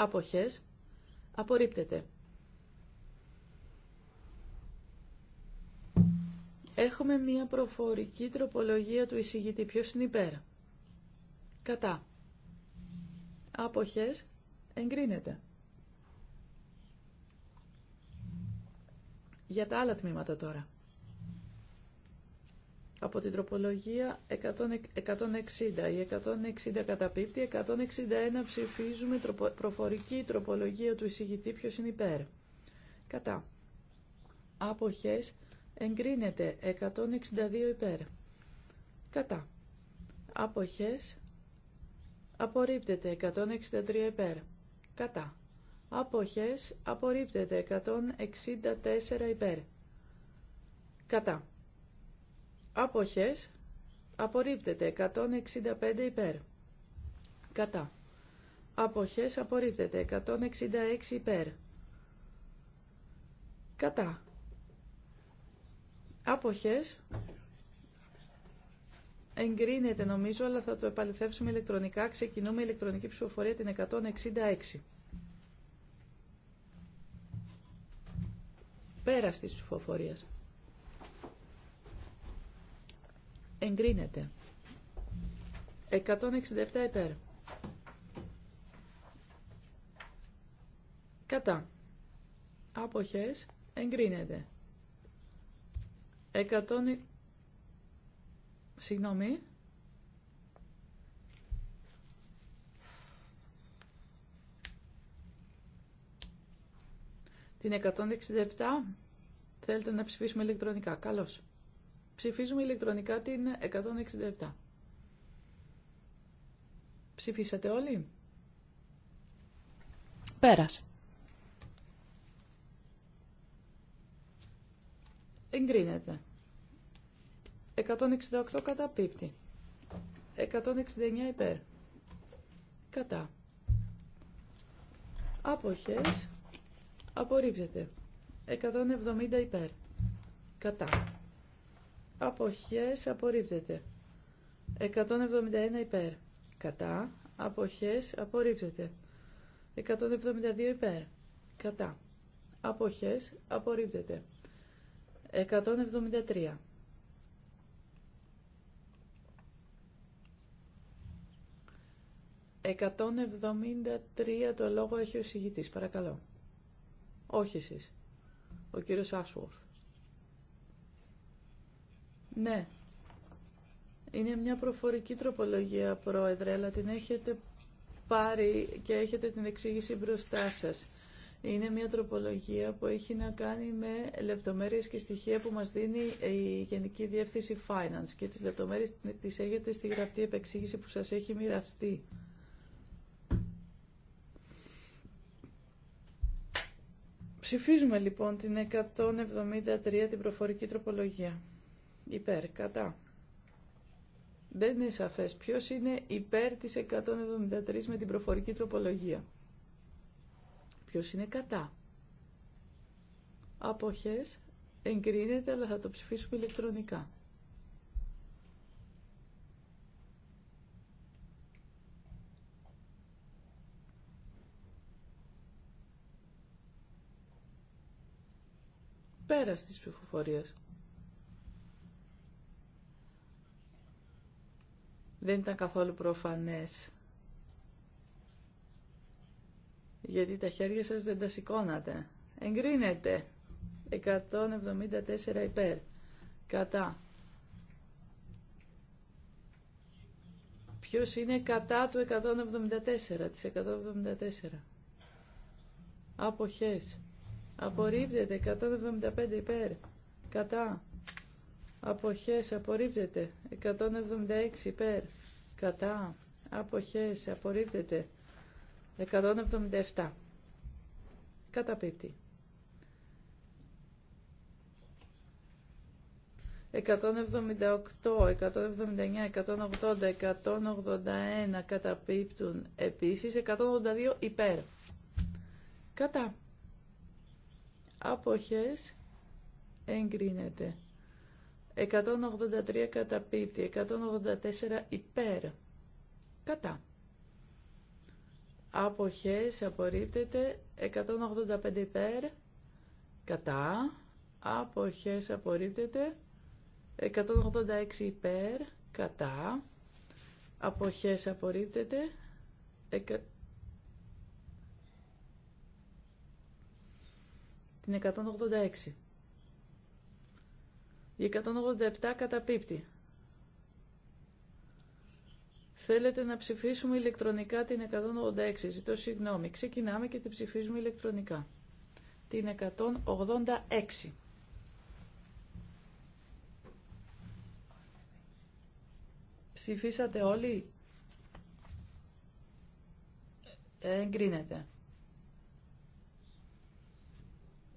Αποχές. Απορρίπτεται. Έχουμε μία προφορική τροπολογία του εισηγητή. Ποιος είναι υπέρ. Κατά. Αποχές. Εγκρίνεται. Για τα άλλα τμήματα τώρα από την τροπολογία 160 ή 160 καταπίπτει, 161 ψηφίζουμε προφορική τροπολογία του εισηγητή ποιος είναι υπέρ. Κατά. Αποχές εγκρίνεται 162 υπέρ. Κατά. Αποχές απορρίπτεται 163 υπέρ. Κατά. Αποχές απορρίπτεται 164 υπέρ. Κατά. Αποχές απορρίπτεται 165 υπέρ. Κατά. Αποχές απορρίπτεται 166 υπέρ. Κατά. Αποχές εγκρίνεται νομίζω, αλλά θα το επαληθεύσουμε ηλεκτρονικά. Ξεκινούμε ηλεκτρονική ψηφοφορία την 166. Πέρας της ψηφοφορίας. εγκρίνεται. 167 υπέρ. Κατά. Αποχές εγκρίνεται. 100... Συγγνώμη. Την 167 θέλετε να ψηφίσουμε ηλεκτρονικά. Καλώς. Ψηφίζουμε ηλεκτρονικά την 167. Ψηφίσατε όλοι. Πέρασε. Εγκρίνεται. 168 κατά πίπτη. 169 υπέρ. Κατά. Αποχές. Απορρίπτεται. 170 υπέρ. Κατά αποχές απορρίπτεται. 171 υπέρ. Κατά, αποχές απορρίπτεται. 172 υπέρ. Κατά, αποχές απορρίπτεται. 173. 173 το λόγο έχει ο συγητής, παρακαλώ. Όχι εσείς. Ο κύριος Άσουορθ. Ναι. Είναι μια προφορική τροπολογία, Πρόεδρε, αλλά την έχετε πάρει και έχετε την εξήγηση μπροστά σας. Είναι μια τροπολογία που έχει να κάνει με λεπτομέρειες και στοιχεία που μας δίνει η Γενική Διεύθυνση Finance και τις λεπτομέρειες τις έχετε στη γραπτή επεξήγηση που σας έχει μοιραστεί. Ψηφίζουμε λοιπόν την 173 την προφορική τροπολογία. Υπέρ, κατά. Δεν είναι σαφές ποιος είναι υπέρ της 173 με την προφορική τροπολογία. Ποιος είναι κατά. Αποχές εγκρίνεται αλλά θα το ψηφίσουμε ηλεκτρονικά. Πέρας της ψηφοφορίας. δεν ήταν καθόλου προφανές. Γιατί τα χέρια σας δεν τα σηκώνατε. Εγκρίνεται. 174 υπέρ. Κατά. Ποιος είναι κατά του 174, της 174. Αποχές. Απορρίπτεται 175 υπέρ. Κατά αποχές απορρίπτεται 176 υπέρ κατά αποχές απορρίπτεται 177 καταπίπτει 178, 179, 180, 181 καταπίπτουν επίσης 182 υπέρ κατά αποχές εγκρίνεται 183 κατά πίπτη. 184 υπέρ, κατά. Αποχές απορρίπτεται, 185 υπέρ, κατά. Αποχές απορρίπτεται, 186 υπέρ, κατά. Αποχές απορρίπτεται, την 186. Η 187 καταπίπτει. Θέλετε να ψηφίσουμε ηλεκτρονικά την 186. Ζητώ συγγνώμη. Ξεκινάμε και την ψηφίζουμε ηλεκτρονικά. Την 186. Ψηφίσατε όλοι. Ε, εγκρίνεται.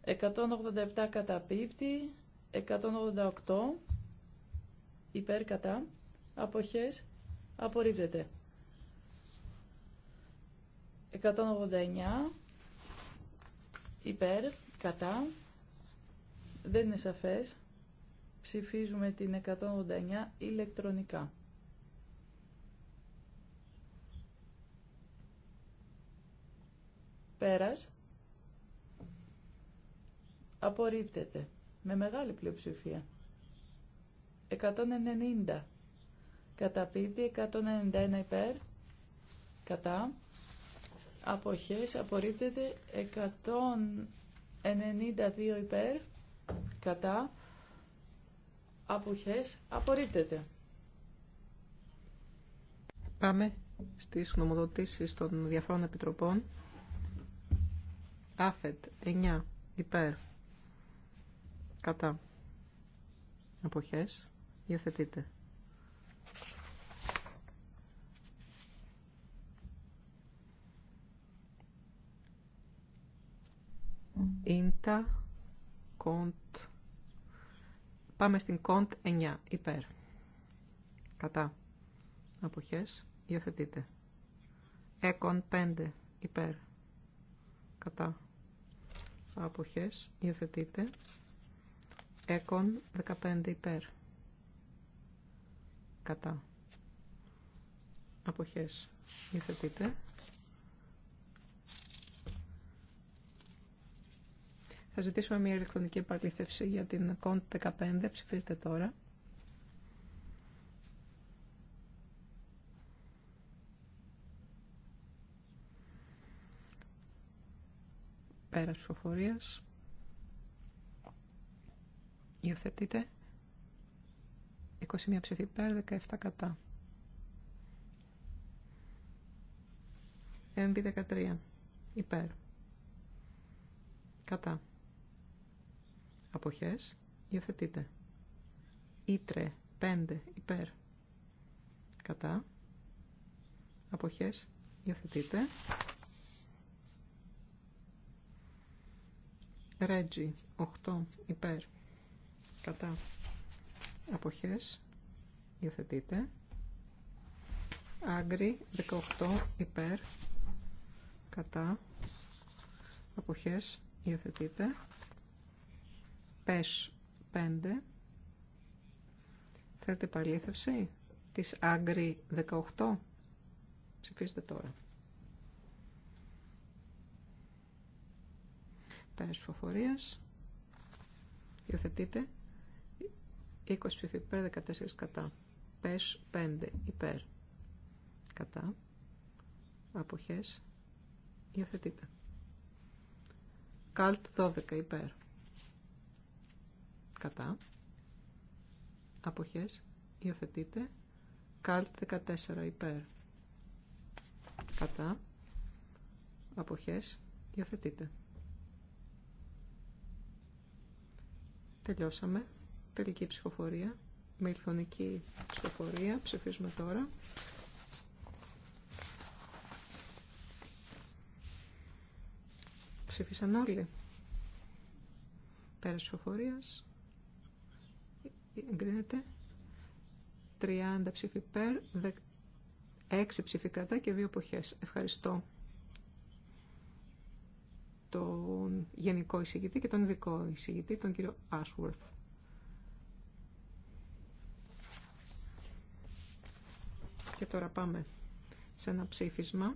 187 καταπίπτει. 188 υπέρ κατά αποχές απορρίπτεται 189 υπέρ κατά δεν είναι σαφές ψηφίζουμε την 189 ηλεκτρονικά πέρας απορρίπτεται με μεγάλη πλειοψηφία. 190 πήδη 191 υπέρ, κατά, αποχές απορρίπτεται, 192 υπέρ, κατά, αποχές απορρίπτεται. Πάμε στις νομοδοτήσεις των διαφόρων επιτροπών. Άφετ 9 υπέρ Κατά. εποχές, Υιοθετείτε. Ίντα. Κοντ. Πάμε στην κοντ 9. Υπέρ. Κατά. Αποχές. Υιοθετείτε. Έκον ε, 5. Υπέρ. Κατά. Αποχές. Υιοθετείτε. Έκον 15 υπέρ. Κατά. Αποχές. Υιοθετείτε. Θα ζητήσουμε μια ηλεκτρονική επαλήθευση για την κοντ 15. Ψηφίστε τώρα. Πέρα ψηφοφορίας. Υιοθετείτε. 21 ψήφι υπέρ, 17 κατά. MB13. Υπέρ. Κατά. Αποχές. Υιοθετείτε. Ήτρε. 5. Υπέρ. Κατά. Αποχές. Υιοθετείτε. Ρέτζι. 8. Υπέρ κατά αποχές υιοθετείται άγκρι 18 υπέρ κατά αποχές υιοθετείται πες 5 θέλετε παλήθευση της άγκρι 18 ψηφίστε τώρα ΠΕΣ ψηφοφορίας υιοθετείται 20 υπέρ, 14 κατά. Πες 5 υπέρ. Κατά. Αποχές. Υιοθετείτε. Καλτ 12 υπέρ. Κατά. Αποχές. Υιοθετείτε. Καλτ 14 υπέρ. Κατά. Αποχές. Υιοθετείτε. Τελειώσαμε τελική ψηφοφορία, με ηλεκτρονική ψηφοφορία. Ψηφίζουμε τώρα. Ψήφισαν όλοι. Πέρας ψηφοφορίας. Εγκρίνεται. 30 ψήφι πέρ 6 ψήφι κατά και 2 εποχές. Ευχαριστώ τον γενικό εισηγητή και τον ειδικό εισηγητή, τον κύριο Ashworth. Και τώρα πάμε σε ένα ψήφισμα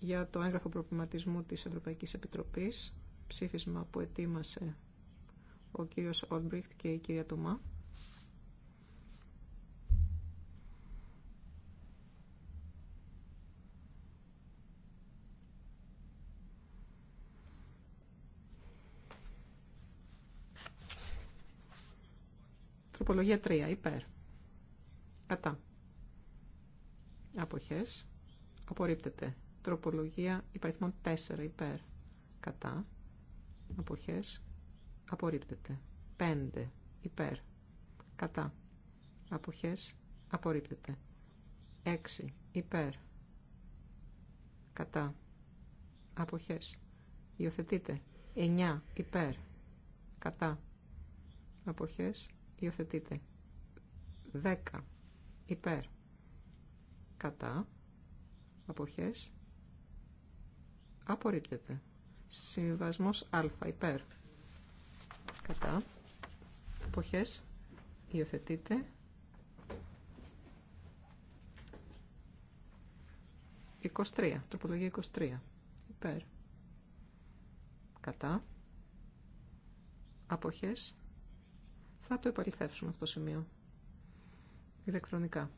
για το έγγραφο προβληματισμού της Ευρωπαϊκής Επιτροπής, ψήφισμα που ετοίμασε ο κύριος Ολμπριχτ και η κυρία Τουμά. Τροπολογία 3, υπέρ. Κατά. Αποχές. Απορρίπτεται. Τροπολογία υπαριθμών 4 υπέρ. Κατά. Αποχές. Απορρίπτεται. 5 υπέρ. Κατά. Αποχές. Απορρίπτεται. 6 υπέρ. Κατά. Αποχές. Υιοθετείται. 9 υπέρ. Κατά. Αποχές. Υιοθετείται. 10 υπέρ κατά αποχές απορρίπτεται συμβασμός α υπέρ κατά αποχές υιοθετείται 23, τροπολογία 23 υπέρ κατά αποχές θα το επαληθεύσουμε αυτό το σημείο ηλεκτρονικά.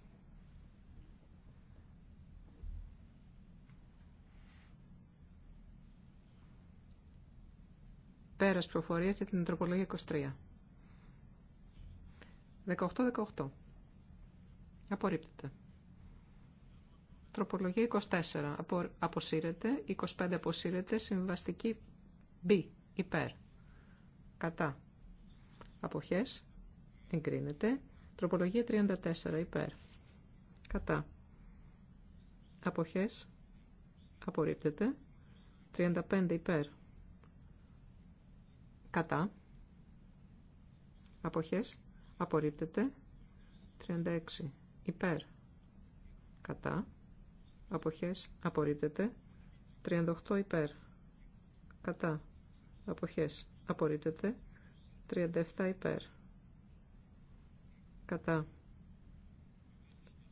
Πέρας προφορίας για την τροπολογία 23. 18-18. Απορρίπτεται. Τροπολογία 24. αποσύρεται. 25 αποσύρεται. Συμβαστική B. Υπέρ. Κατά. Αποχές. Εγκρίνεται. Τροπολογία 34 υπέρ. Κατά. Αποχές. Απορρίπτεται. 35 υπέρ. Κατά. Αποχές. Απορρίπτεται. 36 υπέρ. Κατά. Αποχές. Απορρίπτεται. 38 υπέρ. Κατά. Αποχές. Απορρίπτεται. 37 υπέρ. Κατά.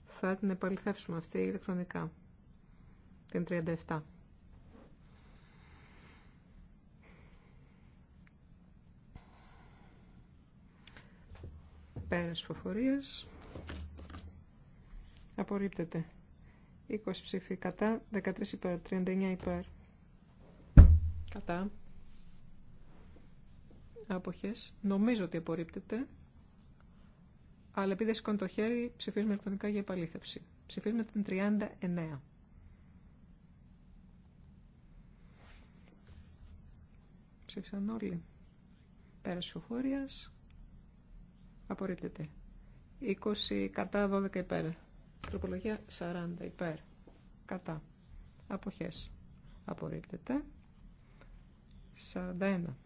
Θα την επαληθεύσουμε αυτή ηλεκτρονικά. Την 37. Πέρας φοφορίες. Απορρίπτεται. 20 ψηφί κατά, 13 υπέρ, 39 υπέρ. Κατά. Άποχες. Νομίζω ότι απορρίπτεται αλλά επειδή σηκώνει το χέρι, ψηφίζουμε ηλεκτρονικά για επαλήθευση. Ψηφίζουμε την 39. Ψήφισαν όλοι. Πέρας ψηφοφόριας. Απορρίπτεται. 20 κατά 12 υπέρ. Τροπολογία 40 υπέρ. Κατά. Αποχές. Απορρίπτεται. 41.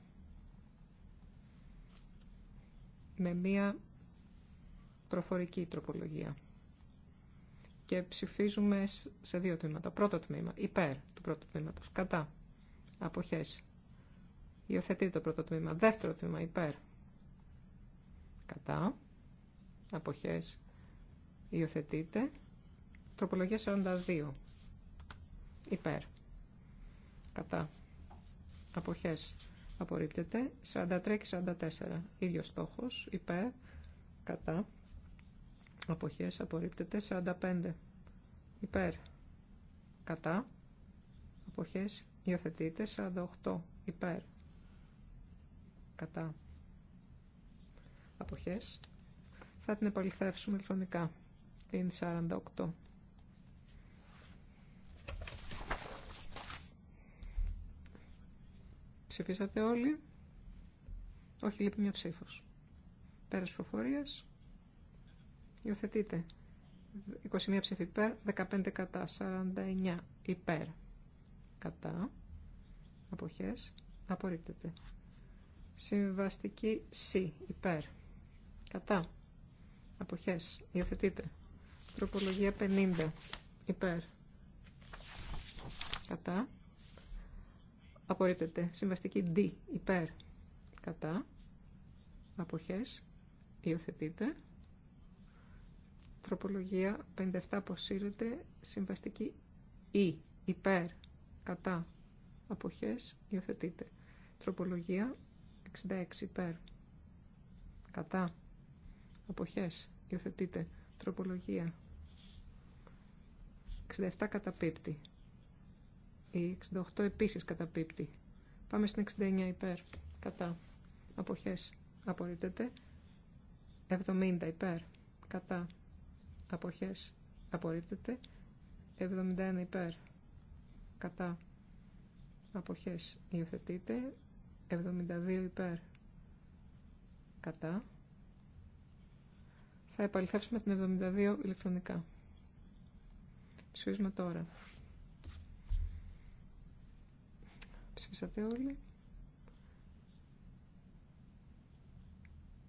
Με μία προφορική τροπολογία. Και ψηφίζουμε σε δύο τμήματα. Πρώτο τμήμα, υπέρ του πρώτου τμήματος, κατά, αποχές. Υιοθετεί το πρώτο τμήμα. Δεύτερο τμήμα, υπέρ, κατά, αποχές. υιοθετείτε Τροπολογία 42, υπέρ, κατά, αποχές. Απορρίπτεται. 43 και 44, ίδιος στόχος, υπέρ, κατά, αποχές απορρίπτεται 45 υπέρ κατά αποχές υιοθετείται 48 υπέρ κατά αποχές θα την επαληθεύσουμε ηλεκτρονικά την 48 ψηφίσατε όλοι όχι λείπει μια ψήφος πέρας προφορίας Υιοθετείτε. 21 ψήφι υπέρ, 15 κατά, 49 υπέρ. Κατά. Αποχές. Απορρίπτεται. Συμβαστική C υπέρ. Κατά. Αποχές. Υιοθετείτε. Τροπολογία 50 υπέρ. Κατά. Απορρίπτεται. Συμβαστική D υπέρ. Κατά. Αποχές. Υιοθετείτε. Τροπολογία 57 αποσύρεται. Συμβαστική Ή. E, υπέρ. Κατά. Αποχές. Υιοθετείται. Τροπολογία 66 υπέρ. Κατά. Αποχές. Υιοθετείται. Τροπολογία 67 καταπίπτει. Η 68 επίσης καταπίπτει. Πάμε στην 69 υπέρ. Κατά. Αποχές. Απορρίπτεται. 70 υπέρ. Κατά αποχές απορρίπτεται 71 υπέρ κατά αποχές υιοθετείται 72 υπέρ κατά θα επαληθεύσουμε την 72 ηλεκτρονικά ψηφίσουμε τώρα ψηφίσατε όλοι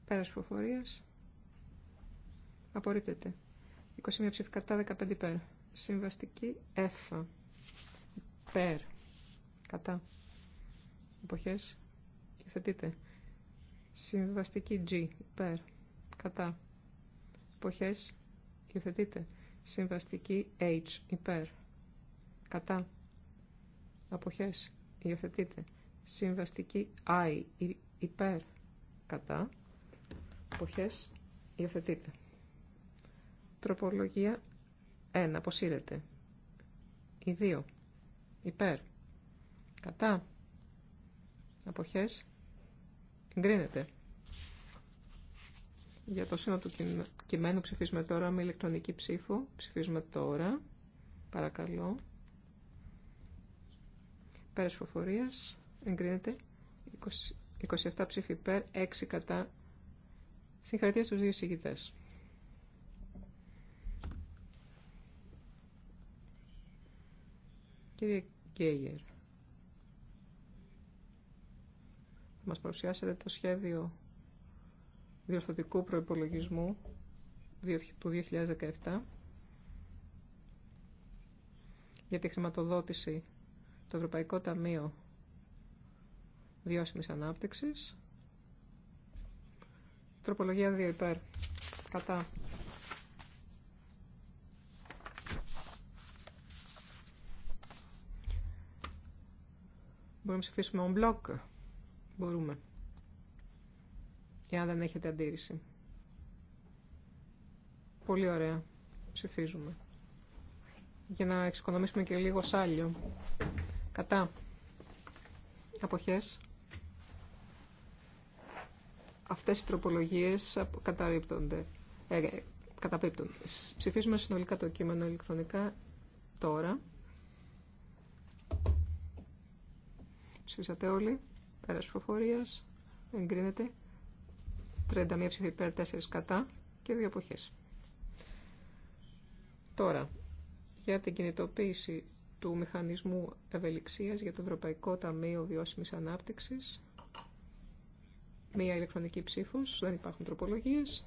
πέρας προφορίας απορρίπτεται 21 ψήφικα κατά 15 υπέρ. Συμβαστική F. Υπέρ. Κατά. Εποχές. Υιοθετείτε. Συμβαστική G. Υπέρ. Κατά. Εποχέ. Υιοθετείτε. Συμβαστική H. Υπέρ. Κατά. Αποχές. Υιοθετείτε. Συμβαστική I. Υπέρ. Κατά. Εποχέ. Υιοθετείτε. Τροπολογία 1. Αποσύρεται. Η 2. Υπέρ. Κατά. Αποχές. Εγκρίνεται. Για το σύνολο του κειμένου ψηφίζουμε τώρα με ηλεκτρονική ψήφο. Ψηφίζουμε τώρα. Παρακαλώ. Πέρας προφορίας. Εγκρίνεται. 20, 27 ψήφοι υπέρ, 6 κατά. Συγχαρητήρια στους δύο συγκητές. Κύριε Γκέιερ, μας παρουσιάσετε το σχέδιο διορθωτικού προϋπολογισμού του 2017 για τη χρηματοδότηση το Ευρωπαϊκό Ταμείο Βιώσιμης Ανάπτυξης. Τροπολογία 2 υπέρ. Κατά. Μπορούμε να ψηφίσουμε on block. Μπορούμε. Εάν δεν έχετε αντίρρηση. Πολύ ωραία. Ψηφίζουμε. Για να εξοικονομήσουμε και λίγο σάλιο. Κατά. Αποχές. Αυτές οι τροπολογίες καταρρύπτονται. Ε, καταπίπτουν. Ψηφίζουμε συνολικά το κείμενο ηλεκτρονικά τώρα. Ψηφίσατε όλοι. Πέρας προφορίας. Εγκρίνεται. 31 ψήφοι υπέρ, 4 κατά και 2 εποχές. Τώρα, για την κινητοποίηση του Μηχανισμού Ευελιξίας για το Ευρωπαϊκό Ταμείο Βιώσιμη ανάπτυξη. Μία ηλεκτρονική ψήφος, δεν υπάρχουν τροπολογίες.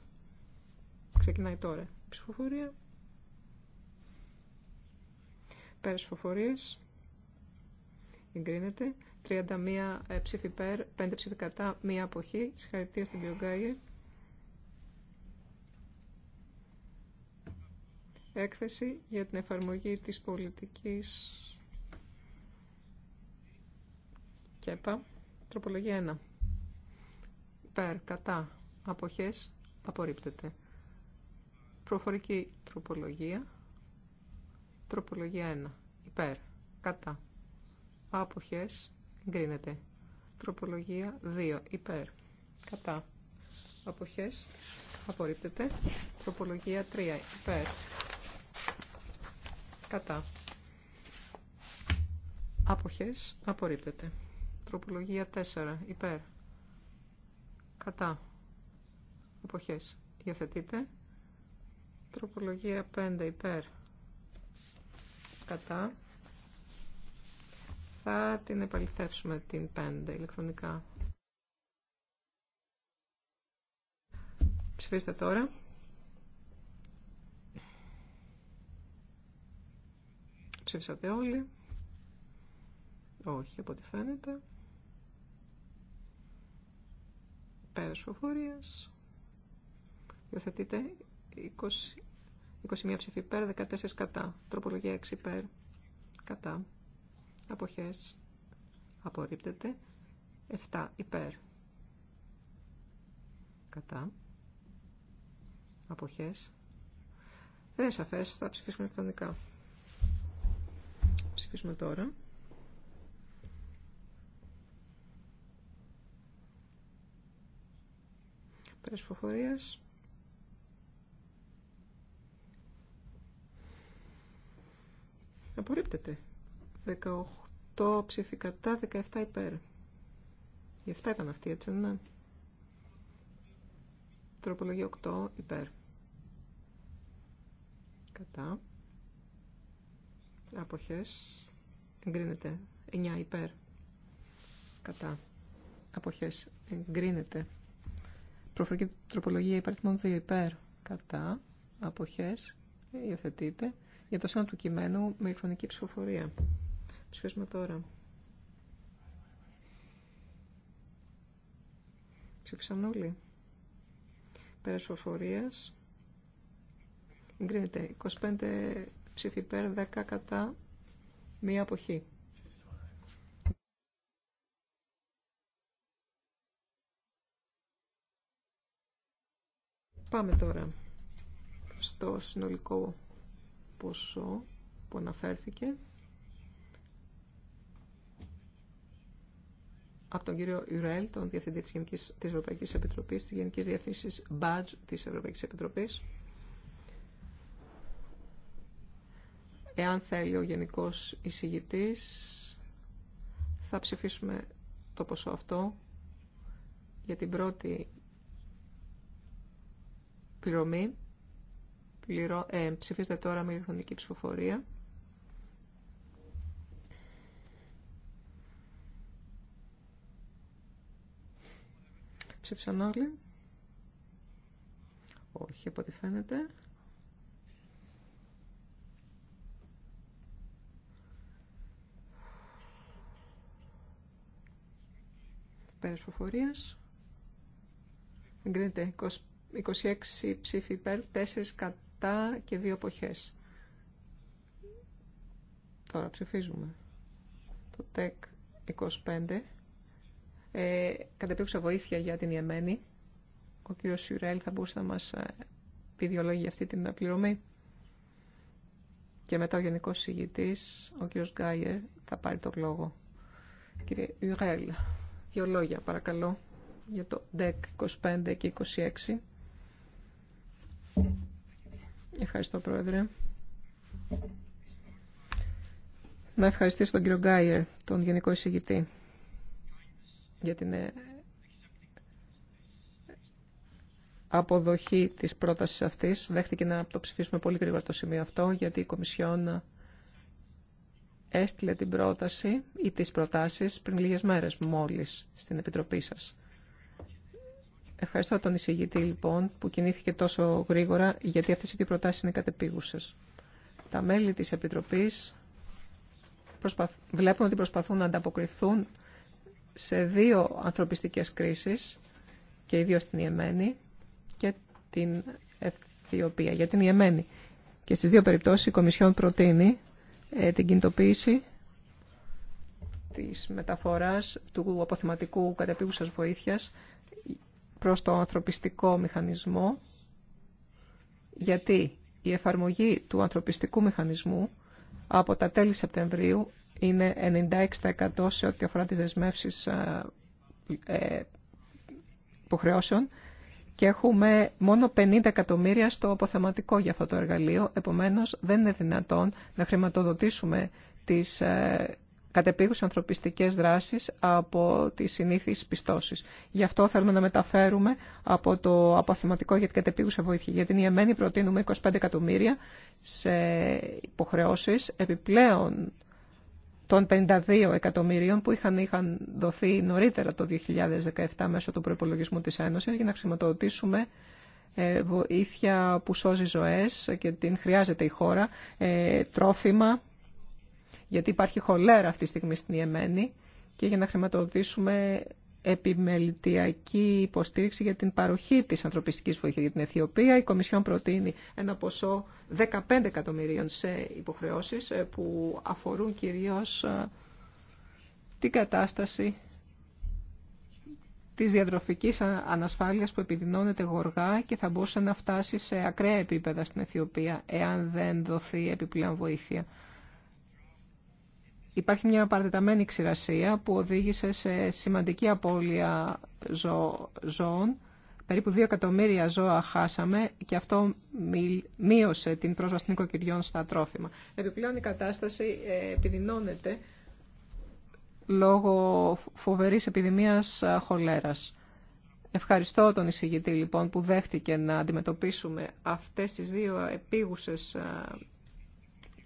Ξεκινάει τώρα η ψηφοφορία. Πέρας ψηφοφορία. Εγκρίνεται. 31 ε, ψήφι υπέρ, 5 ψήφι κατά, μία αποχή. Συγχαρητήρια στην Πιογκάγη. Έκθεση για την εφαρμογή της πολιτικής ΚΕΠΑ. Τροπολογία 1. Υπέρ, κατά, αποχές, απορρίπτεται. Προφορική τροπολογία. Τροπολογία 1. Υπέρ, κατά, αποχές, Τροπολογία 2. Υπέρ. Κατά. Αποχές. Απορρίπτεται. Τροπολογία 3. Υπέρ. Κατά. Αποχές. Απορρίπτεται. Τροπολογία 4. Υπέρ. Κατά. Αποχές. Υιοθετείται. Τροπολογία 5. Υπέρ. Κατά θα την επαληθεύσουμε την 5 ηλεκτρονικά. Ψηφίστε τώρα. Ψήφισατε όλοι. Όχι, από ό,τι φαίνεται. Πέρας φοφορίας. Υιοθετείτε 20, 21 ψήφι πέρα 14 κατά. Τροπολογία 6 πέρ Κατά αποχές απορρίπτεται 7 υπέρ κατά αποχές δεν είναι σαφές, θα ψηφίσουμε ηλεκτρονικά ψηφίσουμε τώρα πέρας προφορίας απορρίπτεται 18 ψήφοι κατά, 17 υπέρ. Η 7 ήταν αυτή, έτσι δεν είναι. Τροπολογία 8 υπέρ. Κατά. Αποχές. Εγκρίνεται. 9 υπέρ. Κατά. Αποχές. Εγκρίνεται. Προφορική τροπολογία υπαριθμών 2 υπέρ. Κατά. Αποχές. Υιοθετείται. Για το σύνολο του κειμένου με η χρονική ψηφοφορία. Ψηφίσουμε τώρα. Ψήφισαν όλοι. Πέρας προφορίας. Εγκρίνεται. 25 ψήφι υπέρ, 10 κατά, μία αποχή. Πάμε τώρα στο συνολικό ποσό που αναφέρθηκε. από τον κύριο Ιουρέλ, τον Διευθυντή της, Γενικής, της Ευρωπαϊκής Επιτροπής, της Γενικής Διευθύνσης Badge της Ευρωπαϊκής Επιτροπής. Εάν θέλει ο Γενικός Εισηγητής, θα ψηφίσουμε το ποσό αυτό για την πρώτη πληρωμή. Πληρω... Ε, ψηφίστε τώρα με ηλεκτρονική ψηφοφορία. Ψήφισαν όλοι. Όχι, από ό,τι φαίνεται. Πέρας προφορίας. Εγκρίνεται 26 ψήφοι υπέρ, 4 κατά και 2 εποχές. Τώρα ψηφίζουμε. Το ΤΕΚ 25 ε, βοήθεια για την Ιεμένη. Ο κύριος Σιουρέλ θα μπορούσε να μας ε, πει δύο λόγια για αυτή την πληρωμή. Και μετά ο γενικό Συγητής, ο κύριος Γκάιερ, θα πάρει το λόγο. Κύριε Ιουρέλ, δύο λόγια παρακαλώ για το ΔΕΚ 25 και 26. Ευχαριστώ Πρόεδρε. Να ευχαριστήσω τον κύριο Γκάιερ, τον Γενικό Εισηγητή για την αποδοχή της πρότασης αυτής. Δέχτηκε να το ψηφίσουμε πολύ γρήγορα το σημείο αυτό, γιατί η Κομισιόν έστειλε την πρόταση ή τις προτάσεις πριν λίγες μέρες μόλις στην Επιτροπή σας. Ευχαριστώ τον εισηγητή λοιπόν που κινήθηκε τόσο γρήγορα γιατί αυτές οι δύο προτάσεις είναι κατεπίγουσες. Τα μέλη της Επιτροπής βλέπουν ότι προσπαθούν να ανταποκριθούν σε δύο ανθρωπιστικές κρίσεις και ιδίω στην Ιεμένη και την Αιθιοπία. Για την Ιεμένη και στις δύο περιπτώσεις η Κομισιόν προτείνει ε, την κινητοποίηση της μεταφοράς του αποθεματικού κατεπίγουσας βοήθειας προς το ανθρωπιστικό μηχανισμό γιατί η εφαρμογή του ανθρωπιστικού μηχανισμού από τα τέλη Σεπτεμβρίου είναι 96% σε ό,τι αφορά τις δεσμεύσεις ε, υποχρεώσεων και έχουμε μόνο 50 εκατομμύρια στο αποθεματικό για αυτό το εργαλείο. Επομένως, δεν είναι δυνατόν να χρηματοδοτήσουμε τις ε, κατεπήγους ανθρωπιστικές δράσεις από τις συνήθεις πιστώσεις. Γι' αυτό θέλουμε να μεταφέρουμε από το αποθεματικό για την κατεπήγουσα βοήθεια. Για την Ιεμένη προτείνουμε 25 εκατομμύρια σε υποχρεώσεις επιπλέον των 52 εκατομμυρίων που είχαν, είχαν δοθεί νωρίτερα το 2017 μέσω του προπολογισμού της Ένωσης για να χρηματοδοτήσουμε ε, βοήθεια που σώζει ζωές και την χρειάζεται η χώρα, ε, τρόφιμα, γιατί υπάρχει χολέρα αυτή τη στιγμή στην Ιεμένη και για να χρηματοδοτήσουμε επιμελητιακή υποστήριξη για την παροχή της ανθρωπιστικής βοήθειας για την Αιθιοπία. Η Κομισιόν προτείνει ένα ποσό 15 εκατομμυρίων σε υποχρεώσεις ε, που αφορούν κυρίως ε, την κατάσταση της διατροφικής ανασφάλειας που επιδεινώνεται γοργά και θα μπορούσε να φτάσει σε ακραία επίπεδα στην Αιθιοπία εάν δεν δοθεί επιπλέον βοήθεια υπάρχει μια παρατεταμένη ξηρασία που οδήγησε σε σημαντική απώλεια ζώων. Περίπου 2 εκατομμύρια ζώα χάσαμε και αυτό μείωσε την πρόσβαση των οικοκυριών στα τρόφιμα. Επιπλέον η κατάσταση ε, επιδεινώνεται λόγω φοβερής επιδημίας ε, χολέρας. Ευχαριστώ τον εισηγητή λοιπόν που δέχτηκε να αντιμετωπίσουμε αυτές τις δύο επίγουσες ε,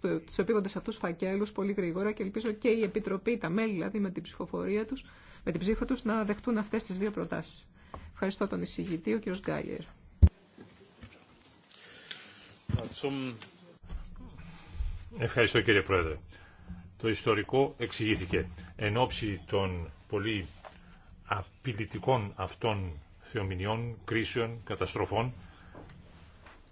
του επίγοντε αυτούς φακέλους πολύ γρήγορα και ελπίζω και η Επιτροπή, τα μέλη δηλαδή με την ψηφοφορία τους, με την ψήφα τους να δεχτούν αυτές τις δύο προτάσεις. Ευχαριστώ τον εισηγητή, ο κ. Γκάιερ. Ευχαριστώ κύριε Πρόεδρε. Το ιστορικό εξηγήθηκε. Εν ώψη των πολύ απειλητικών αυτών θεομηνιών, κρίσεων, καταστροφών,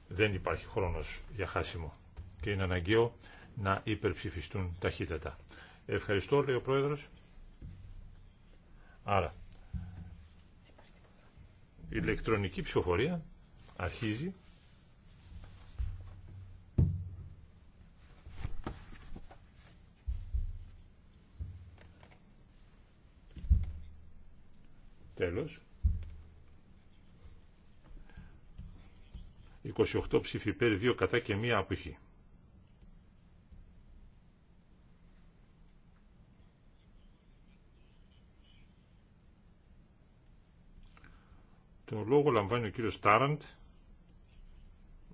δεν υπάρχει χρόνος για χάσιμο και είναι αναγκαίο να υπερψηφιστούν ταχύτατα. Ευχαριστώ, λέει ο Πρόεδρος. Άρα, η ηλεκτρονική ψηφοφορία αρχίζει. Τέλος. 28 ψηφιπέρ, 2 κατά και 1 αποχή. Το λόγο λαμβάνει ο κύριος Τάραντ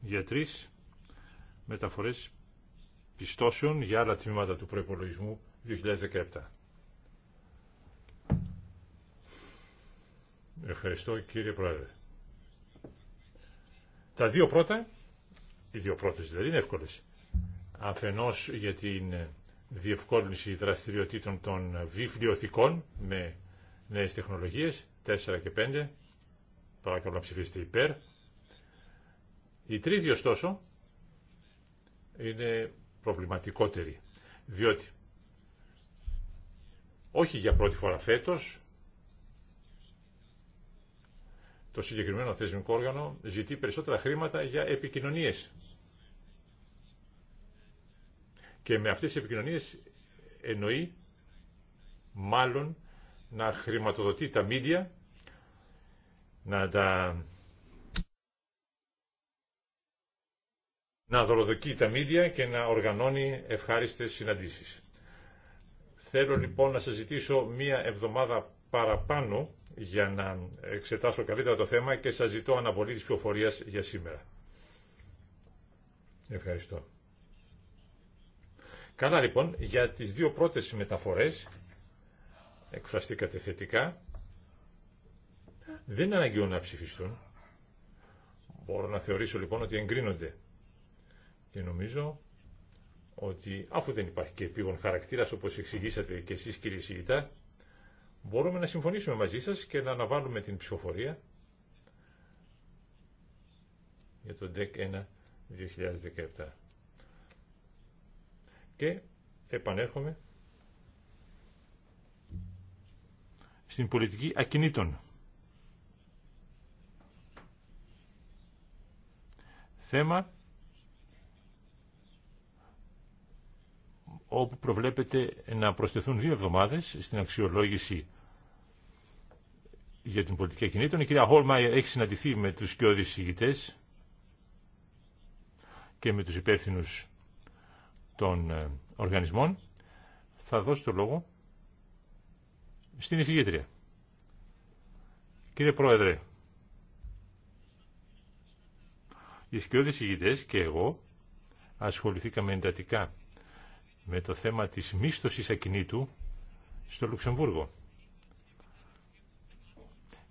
για τρει μεταφορές πιστώσεων για άλλα τμήματα του προϋπολογισμού 2017. Ευχαριστώ κύριε Πρόεδρε. Τα δύο πρώτα, οι δύο πρώτες δηλαδή είναι εύκολες. Αφενός για την διευκόλυνση δραστηριοτήτων των βιβλιοθηκών με νέες τεχνολογίες, 4 και 5, και να ψηφίσετε υπέρ. Η τρίτη ωστόσο είναι προβληματικότερη, διότι όχι για πρώτη φορά φέτος, το συγκεκριμένο θεσμικό όργανο ζητεί περισσότερα χρήματα για επικοινωνίες. Και με αυτές τις επικοινωνίες εννοεί μάλλον να χρηματοδοτεί τα μίντια να τα να δωροδοκεί τα μίδια και να οργανώνει ευχάριστες συναντήσεις. Θέλω λοιπόν να σας ζητήσω μία εβδομάδα παραπάνω για να εξετάσω καλύτερα το θέμα και σας ζητώ αναβολή της πληροφορίας για σήμερα. Ευχαριστώ. Καλά λοιπόν, για τις δύο πρώτες μεταφορές εκφραστήκατε θετικά δεν είναι αναγκαίο να ψηφιστούν. Μπορώ να θεωρήσω λοιπόν ότι εγκρίνονται. Και νομίζω ότι αφού δεν υπάρχει και επίγον χαρακτήρας όπως εξηγήσατε και εσείς κύριε Σιγητά, μπορούμε να συμφωνήσουμε μαζί σας και να αναβάλουμε την ψηφοφορία για το ΔΕΚ 1 2017. Και επανέρχομαι στην πολιτική ακινήτων. θέμα όπου προβλέπεται να προσθεθούν δύο εβδομάδες στην αξιολόγηση για την πολιτική κινήτων. Η κυρία Χόλμα έχει συναντηθεί με τους κοιόδης ηγητές και με τους υπεύθυνου των ε, οργανισμών. Θα δώσω το λόγο στην εισηγήτρια. Κύριε Πρόεδρε, Οι σκιώδες και εγώ ασχοληθήκαμε εντατικά με το θέμα της μίσθωσης ακινήτου στο Λουξεμβούργο.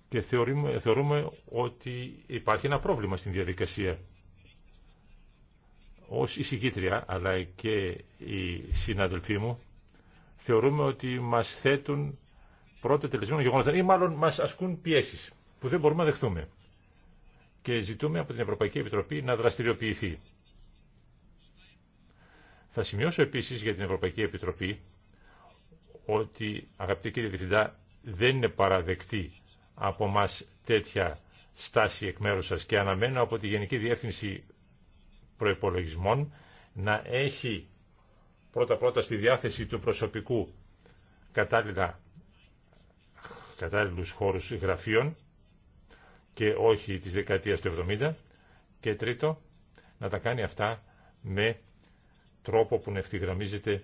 Και θεωρούμε, θεωρούμε ότι υπάρχει ένα πρόβλημα στην διαδικασία. Ως εισηγήτρια, αλλά και οι συναδελφοί μου, θεωρούμε ότι μας θέτουν πρώτα τελεσμένο γεγονότα ή μάλλον μας ασκούν πιέσεις που δεν μπορούμε να δεχτούμε και ζητούμε από την Ευρωπαϊκή Επιτροπή να δραστηριοποιηθεί. Θα σημειώσω επίσης για την Ευρωπαϊκή Επιτροπή ότι, αγαπητοί κύριε Διευθυντά, δεν είναι παραδεκτή από μας τέτοια στάση εκ μέρους σας και αναμένω από τη Γενική Διεύθυνση Προϋπολογισμών να έχει πρώτα-πρώτα στη διάθεση του προσωπικού κατάλληλα, κατάλληλους χώρους γραφείων και όχι της δεκαετίας του 70 και τρίτο να τα κάνει αυτά με τρόπο που να ευθυγραμμίζεται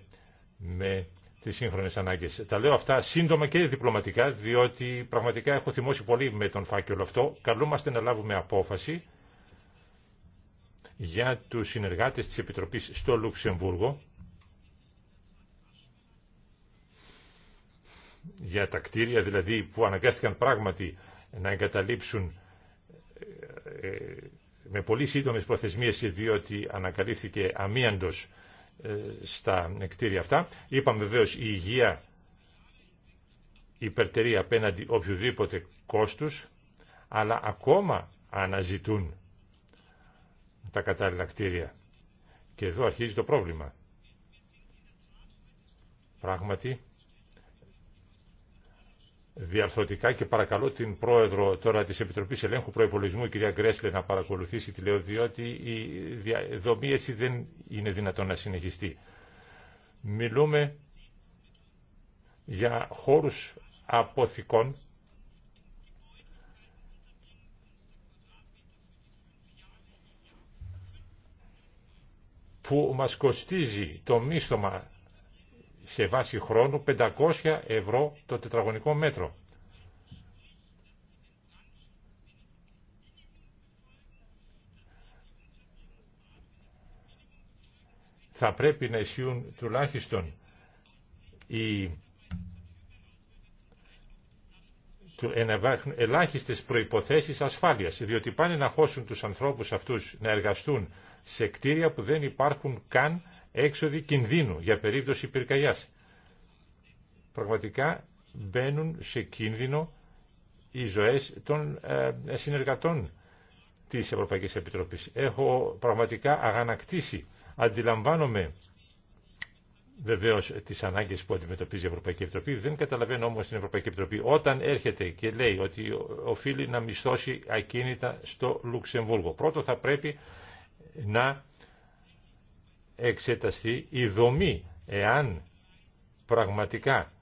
με τις σύγχρονες ανάγκες. Τα λέω αυτά σύντομα και διπλωματικά διότι πραγματικά έχω θυμώσει πολύ με τον φάκελο αυτό. Καλούμαστε να λάβουμε απόφαση για τους συνεργάτες της Επιτροπής στο Λουξεμβούργο για τα κτίρια δηλαδή που αναγκάστηκαν πράγματι να εγκαταλείψουν ε, με πολύ σύντομες προθεσμίες διότι ανακαλύφθηκε αμίαντος ε, στα κτίρια αυτά. Είπαμε βεβαίως η υγεία υπερτερεί απέναντι οποιοδήποτε κόστους, αλλά ακόμα αναζητούν τα κατάλληλα κτίρια. Και εδώ αρχίζει το πρόβλημα. Πράγματι, διαρθρωτικά και παρακαλώ την πρόεδρο τώρα της Επιτροπής Ελέγχου Προϋπολογισμού, κυρία Γκρέσλε, να παρακολουθήσει τη λέω, διότι η δομή έτσι δεν είναι δυνατόν να συνεχιστεί. Μιλούμε για χώρους αποθηκών που μας κοστίζει το μίσθωμα σε βάση χρόνου 500 ευρώ το τετραγωνικό μέτρο. Θα πρέπει να ισχύουν τουλάχιστον οι ελάχιστες προϋποθέσεις ασφάλειας, διότι πάνε να χώσουν τους ανθρώπους αυτούς να εργαστούν σε κτίρια που δεν υπάρχουν καν έξοδοι κινδύνου για περίπτωση πυρκαγιάς. Πραγματικά μπαίνουν σε κίνδυνο οι ζωές των ε, συνεργατών της Ευρωπαϊκής Επιτροπής. Έχω πραγματικά αγανακτήσει. Αντιλαμβάνομαι βεβαίω τις ανάγκες που αντιμετωπίζει η Ευρωπαϊκή Επιτροπή. Δεν καταλαβαίνω όμως την Ευρωπαϊκή Επιτροπή όταν έρχεται και λέει ότι οφείλει να μισθώσει ακίνητα στο Λουξεμβούργο. Πρώτο θα πρέπει να εξεταστεί η δομή εάν πραγματικά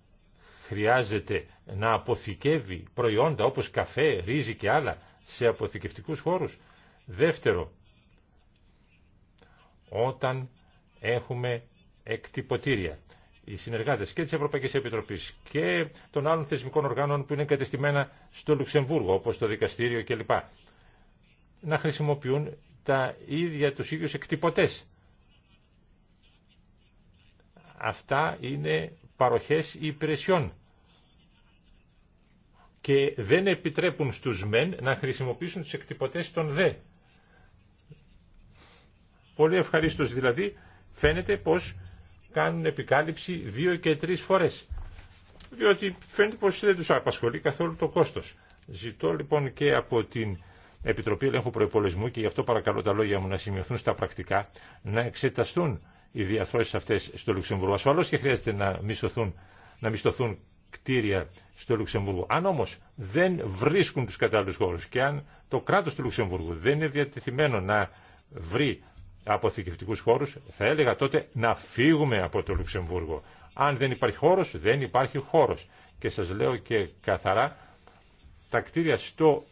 χρειάζεται να αποθηκεύει προϊόντα όπως καφέ, ρύζι και άλλα σε αποθηκευτικούς χώρους. Δεύτερο, όταν έχουμε εκτυπωτήρια. Οι συνεργάτες και της Ευρωπαϊκής Επιτροπής και των άλλων θεσμικών οργάνων που είναι κατεστημένα στο Λουξεμβούργο, όπως το δικαστήριο κλπ. Να χρησιμοποιούν τα ίδια τους ίδιους εκτυπωτές αυτά είναι παροχές υπηρεσιών και δεν επιτρέπουν στους μεν να χρησιμοποιήσουν τις εκτυπωτές των δε. Πολύ ευχαρίστως δηλαδή φαίνεται πως κάνουν επικάλυψη δύο και τρεις φορές. Διότι φαίνεται πως δεν τους απασχολεί καθόλου το κόστος. Ζητώ λοιπόν και από την Επιτροπή Ελέγχου Προπολογισμού και γι' αυτό παρακαλώ τα λόγια μου να σημειωθούν στα πρακτικά, να εξεταστούν οι διαθρώσεις αυτές στο Λουξεμβούργο. Ασφαλώς και χρειάζεται να μισθωθούν, να μισθωθούν κτίρια στο Λουξεμβούργο. Αν όμως δεν βρίσκουν τους κατάλληλους χώρους και αν το κράτος του Λουξεμβούργου δεν είναι διατεθειμένο να βρει αποθηκευτικούς χώρους, θα έλεγα τότε να φύγουμε από το Λουξεμβούργο. Αν δεν υπάρχει χώρος, δεν υπάρχει χώρος. Και σας λέω και καθαρά, τα κτίρια στο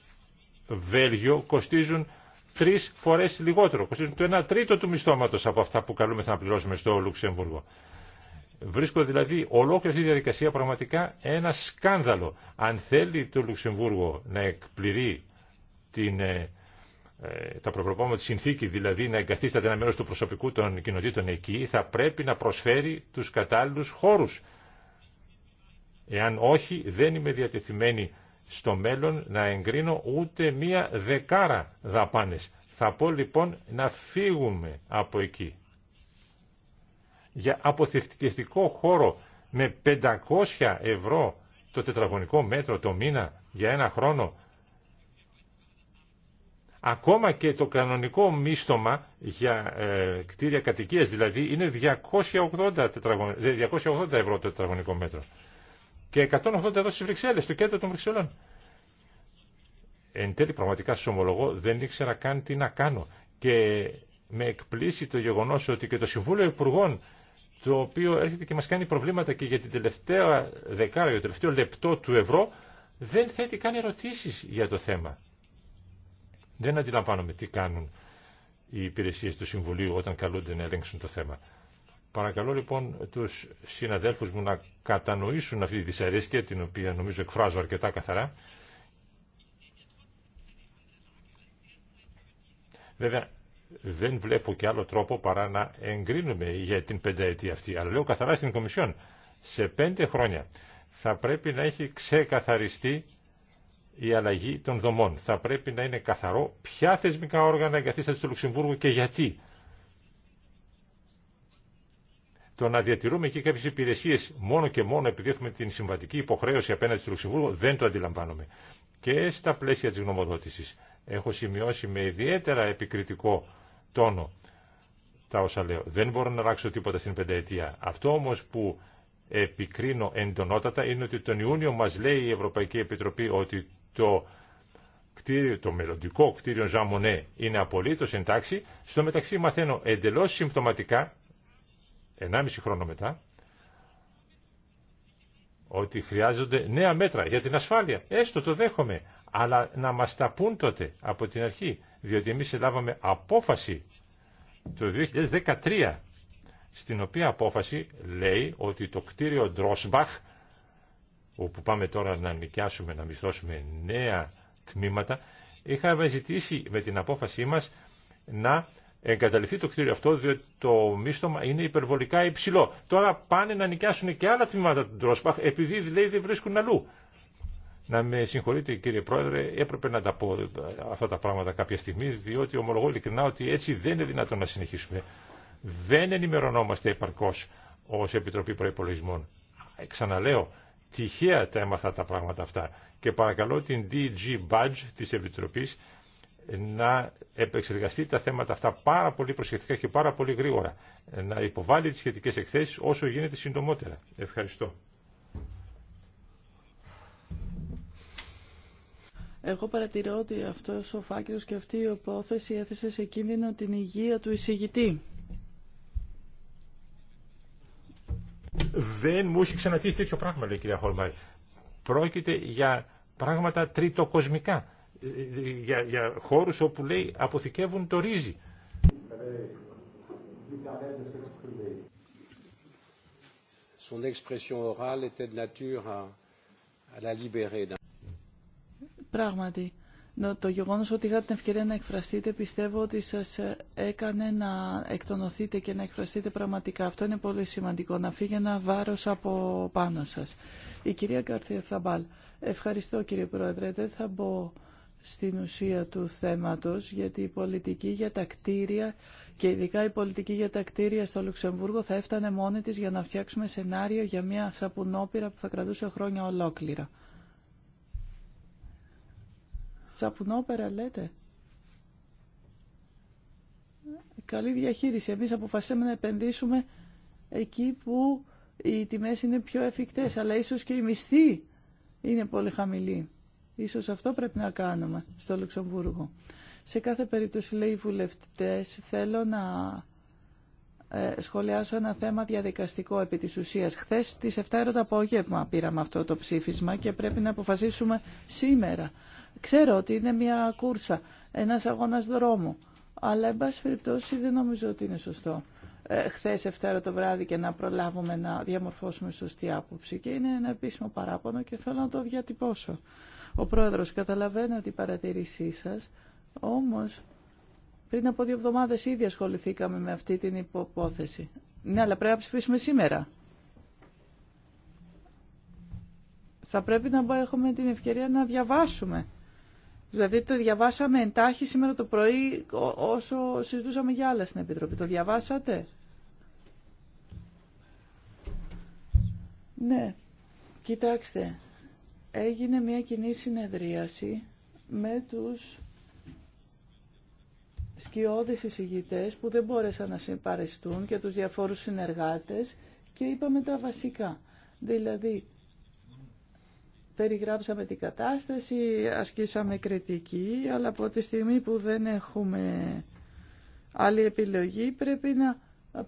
Βέλγιο κοστίζουν τρει φορέ λιγότερο. Κοστίζουν το 1 τρίτο του μισθώματο από αυτά που καλούμεθα να πληρώσουμε στο Λουξεμβούργο. Βρίσκω δηλαδή ολόκληρη αυτή τη διαδικασία πραγματικά ένα σκάνδαλο. Αν θέλει το Λουξεμβούργο να εκπληρεί την, ε, ε, τα προπροπόμενα συνθήκη, δηλαδή να εγκαθίσταται ένα μέρο του προσωπικού των κοινοτήτων εκεί, θα πρέπει να προσφέρει του κατάλληλου χώρου. Εάν όχι, δεν είμαι διατεθειμένη στο μέλλον να εγκρίνω ούτε μία δεκάρα δαπάνες. Θα πω λοιπόν να φύγουμε από εκεί. Για αποθευτικιστικό χώρο με 500 ευρώ το τετραγωνικό μέτρο το μήνα για ένα χρόνο. Ακόμα και το κανονικό μίστομα για ε, κτίρια κατοικίας δηλαδή είναι 280, 280 ε, ευρώ το τετραγωνικό μέτρο και 180 εδώ στις Βρυξέλλες, στο κέντρο των Βρυξελών. Εν τέλει πραγματικά σας ομολογώ δεν ήξερα καν τι να κάνω και με εκπλήσει το γεγονός ότι και το Συμβούλιο Υπουργών το οποίο έρχεται και μας κάνει προβλήματα και για την τελευταία δεκάρα, το τελευταίο λεπτό του ευρώ, δεν θέτει καν ερωτήσεις για το θέμα. Δεν αντιλαμβάνομαι τι κάνουν οι υπηρεσίες του Συμβουλίου όταν καλούνται να ελέγξουν το θέμα. Παρακαλώ λοιπόν τους συναδέλφους μου να κατανοήσουν αυτή τη δυσαρέσκεια την οποία νομίζω εκφράζω αρκετά καθαρά. Βέβαια δεν βλέπω και άλλο τρόπο παρά να εγκρίνουμε για την πενταετία αυτή. Αλλά λέω καθαρά στην Κομισιόν. Σε πέντε χρόνια θα πρέπει να έχει ξεκαθαριστεί η αλλαγή των δομών. Θα πρέπει να είναι καθαρό ποια θεσμικά όργανα εγκαθίσταται στο Λουξεμβούργο και γιατί. το να διατηρούμε εκεί κάποιε υπηρεσίε μόνο και μόνο επειδή έχουμε την συμβατική υποχρέωση απέναντι στο Λουξεμβούργο δεν το αντιλαμβάνομαι. Και στα πλαίσια τη γνωμοδότηση έχω σημειώσει με ιδιαίτερα επικριτικό τόνο τα όσα λέω. Δεν μπορώ να αλλάξω τίποτα στην πενταετία. Αυτό όμω που επικρίνω εντονότατα είναι ότι τον Ιούνιο μα λέει η Ευρωπαϊκή Επιτροπή ότι το κτίριο, το μελλοντικό κτίριο Ζαμονέ είναι απολύτω εντάξει. Στο μεταξύ μαθαίνω εντελώ συμπτωματικά 1,5 χρόνο μετά, ότι χρειάζονται νέα μέτρα για την ασφάλεια. Έστω το δέχομαι, αλλά να μας τα πούν τότε από την αρχή, διότι εμείς λάβαμε απόφαση το 2013, στην οποία απόφαση λέει ότι το κτίριο Ντρόσμπαχ, όπου πάμε τώρα να νοικιάσουμε, να μισθώσουμε νέα τμήματα, είχαμε ζητήσει με την απόφασή μας να εγκαταλειφθεί το κτίριο αυτό διότι το μίστομα είναι υπερβολικά υψηλό. Τώρα πάνε να νοικιάσουν και άλλα τμήματα του Ντρόσπαχ επειδή λέει δεν βρίσκουν αλλού. Να με συγχωρείτε κύριε Πρόεδρε, έπρεπε να τα πω αυτά τα πράγματα κάποια στιγμή, διότι ομολογώ ειλικρινά ότι έτσι δεν είναι δυνατό να συνεχίσουμε. Δεν ενημερωνόμαστε επαρκώ ω Επιτροπή Προπολογισμών. Ε, ξαναλέω, τυχαία τα έμαθα τα πράγματα αυτά. Και παρακαλώ την DG Badge τη Επιτροπής να επεξεργαστεί τα θέματα αυτά πάρα πολύ προσεκτικά και πάρα πολύ γρήγορα. Να υποβάλει τις σχετικές εκθέσεις όσο γίνεται συντομότερα. Ευχαριστώ. Εγώ παρατηρώ ότι αυτός ο φάκελος και αυτή η υπόθεση έθεσε σε κίνδυνο την υγεία του εισηγητή. Δεν μου έχει ξανατύχει τέτοιο πράγμα, λέει η κυρία Χόλμαρη. Πρόκειται για πράγματα τριτοκοσμικά για, για χώρους όπου λέει αποθηκεύουν το ρύζι. Son expression orale était de nature à, à la libérer. Πράγματι, το γεγονό ότι είχατε την ευκαιρία να εκφραστείτε πιστεύω ότι σα ε, έκανε να εκτονωθείτε και να εκφραστείτε πραγματικά. Αυτό είναι πολύ σημαντικό, να φύγει ένα βάρο από πάνω σα. Η κυρία Καρθία Θαμπάλ. Ευχαριστώ κύριε Πρόεδρε. Δεν θα μπω στην ουσία του θέματος, γιατί η πολιτική για τα κτίρια και ειδικά η πολιτική για τα κτίρια στο Λουξεμβούργο θα έφτανε μόνη της για να φτιάξουμε σενάριο για μια σαπουνόπερα που θα κρατούσε χρόνια ολόκληρα. Σαπουνόπερα λέτε. Καλή διαχείριση. Εμείς αποφασίσαμε να επενδύσουμε εκεί που οι τιμές είναι πιο εφικτές, αλλά ίσως και οι μισθοί είναι πολύ χαμηλοί. Ίσως αυτό πρέπει να κάνουμε στο Λουξεμβούργο. Σε κάθε περίπτωση, λέει οι βουλευτές, θέλω να ε, σχολιάσω ένα θέμα διαδικαστικό επί της ουσίας. Χθες στις 7 το απόγευμα πήραμε αυτό το ψήφισμα και πρέπει να αποφασίσουμε σήμερα. Ξέρω ότι είναι μια κούρσα, ένας αγώνας δρόμου, αλλά εν πάση περιπτώσει δεν νομίζω ότι είναι σωστό. Ε, χθες Ευτέρα το βράδυ και να προλάβουμε να διαμορφώσουμε σωστή άποψη και είναι ένα επίσημο παράπονο και θέλω να το διατυπώσω. Ο Πρόεδρος, καταλαβαίνω την παρατήρησή σας, όμως πριν από δύο εβδομάδες ήδη ασχοληθήκαμε με αυτή την υπόθεση. Ναι, αλλά πρέπει να ψηφίσουμε σήμερα. Θα πρέπει να έχουμε την ευκαιρία να διαβάσουμε. Δηλαδή το διαβάσαμε εντάχει σήμερα το πρωί όσο συζητούσαμε για άλλα στην Επιτροπή. Το διαβάσατε. Ναι. Κοιτάξτε έγινε μια κοινή συνεδρίαση με τους σκιώδεις εισηγητές που δεν μπόρεσαν να συμπαριστούν και τους διαφόρους συνεργάτες και είπαμε τα βασικά. Δηλαδή, περιγράψαμε την κατάσταση, ασκήσαμε κριτική, αλλά από τη στιγμή που δεν έχουμε άλλη επιλογή πρέπει να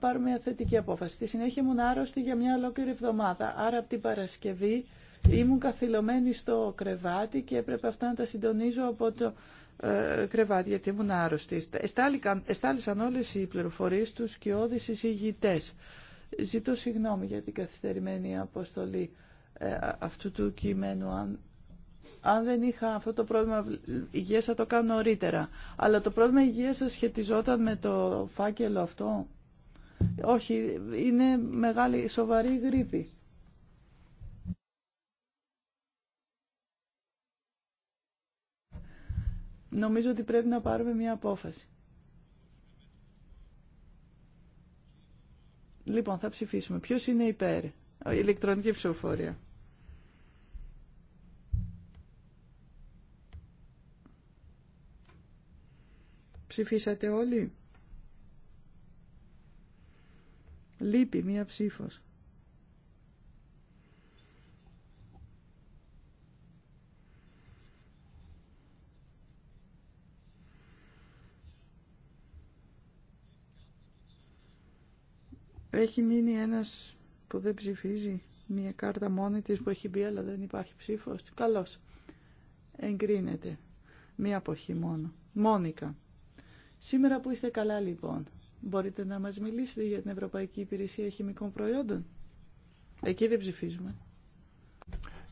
πάρουμε μια θετική απόφαση. Στη συνέχεια ήμουν άρρωστη για μια ολόκληρη εβδομάδα, άρα από την Παρασκευή Ήμουν καθυλωμένη στο κρεβάτι και έπρεπε αυτά να τα συντονίζω από το ε, κρεβάτι, γιατί ήμουν άρρωστη. Εστάλησαν όλες οι πληροφορίες τους και οι εισηγητές. Ζητώ συγγνώμη για την καθυστερημένη αποστολή ε, αυτού του κειμένου, αν δεν είχα αυτό το πρόβλημα υγείας θα το κάνω νωρίτερα. Αλλά το πρόβλημα υγείας σας σχετιζόταν με το φάκελο αυτό. Όχι, είναι μεγάλη, σοβαρή γρήπη. νομίζω ότι πρέπει να πάρουμε μια απόφαση. Λοιπόν, θα ψηφίσουμε. Ποιος είναι υπέρ. Ηλεκτρονική ψηφοφορία. Ψηφίσατε όλοι. Λείπει μία ψήφος. Έχει μείνει ένας που δεν ψηφίζει μια κάρτα μόνη της που έχει μπει αλλά δεν υπάρχει ψήφος. Καλώς. Εγκρίνεται. Μία αποχή μόνο. Μόνικα. Σήμερα που είστε καλά λοιπόν, μπορείτε να μας μιλήσετε για την Ευρωπαϊκή Υπηρεσία Χημικών Προϊόντων. Εκεί δεν ψηφίζουμε.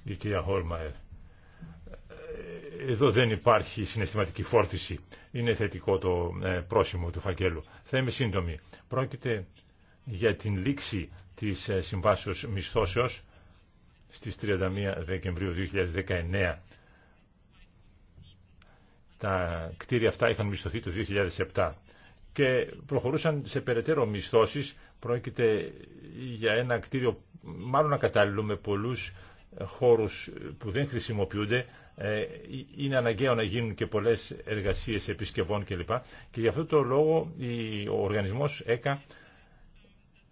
Η κυρία Χόλμαερ, εδώ δεν υπάρχει συναισθηματική φόρτιση. Είναι θετικό το ε, πρόσημο του φακέλου. Θα είμαι σύντομη. Πρόκειται για την λήξη της ε, συμβάσεως μισθώσεως στις 31 Δεκεμβρίου 2019. Τα κτίρια αυτά είχαν μισθωθεί το 2007 και προχωρούσαν σε περαιτέρω μισθώσεις. Πρόκειται για ένα κτίριο μάλλον ακατάλληλο με πολλούς χώρους που δεν χρησιμοποιούνται. Ε, είναι αναγκαίο να γίνουν και πολλές εργασίες επισκευών κλπ. Και γι' αυτό το λόγο ο οργανισμός ΕΚΑ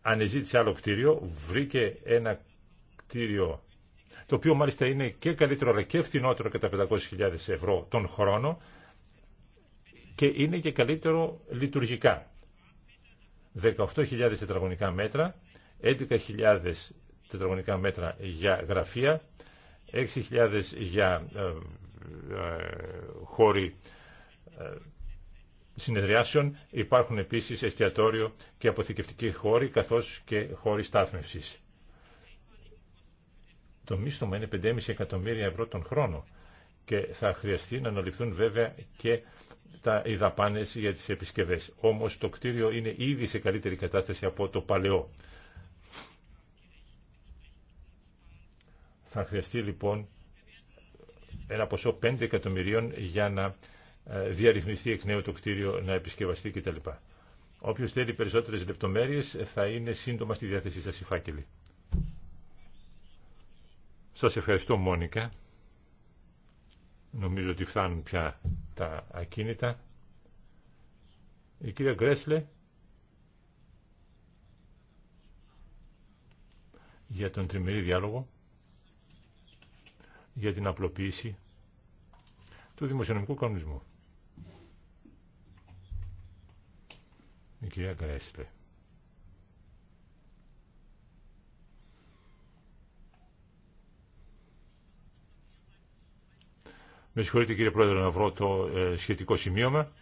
ανεζήτησε άλλο κτίριο, βρήκε ένα κτίριο το οποίο μάλιστα είναι και καλύτερο αλλά και φθηνότερο κατά 500.000 ευρώ τον χρόνο και είναι και καλύτερο λειτουργικά. 18.000 τετραγωνικά μέτρα, 11.000 τετραγωνικά μέτρα για γραφεία, 6.000 για ε, ε, ε χώροι ε, συνεδριάσεων υπάρχουν επίσης εστιατόριο και αποθηκευτικοί χώροι καθώς και χώροι στάθμευσης. Το μίστομα είναι 5,5 εκατομμύρια ευρώ τον χρόνο και θα χρειαστεί να αναλυφθούν βέβαια και τα δαπάνε για τις επισκευές. Όμως το κτίριο είναι ήδη σε καλύτερη κατάσταση από το παλαιό. Θα χρειαστεί λοιπόν ένα ποσό 5 εκατομμυρίων για να ε, διαρρυθμιστεί εκ νέου το κτίριο, να επισκευαστεί κτλ. Όποιος θέλει περισσότερες λεπτομέρειες ε, θα είναι σύντομα στη διάθεσή σα η φάκελη. Σας ευχαριστώ Μόνικα. Νομίζω ότι φτάνουν πια τα ακίνητα. Η κυρία Γκρέσλε για τον τριμερή διάλογο για την απλοποίηση του δημοσιονομικού κανονισμού. η κυρία Γκρέσλε. Με συγχωρείτε κύριε Πρόεδρε να βρω το ε, σχετικό σημείωμα.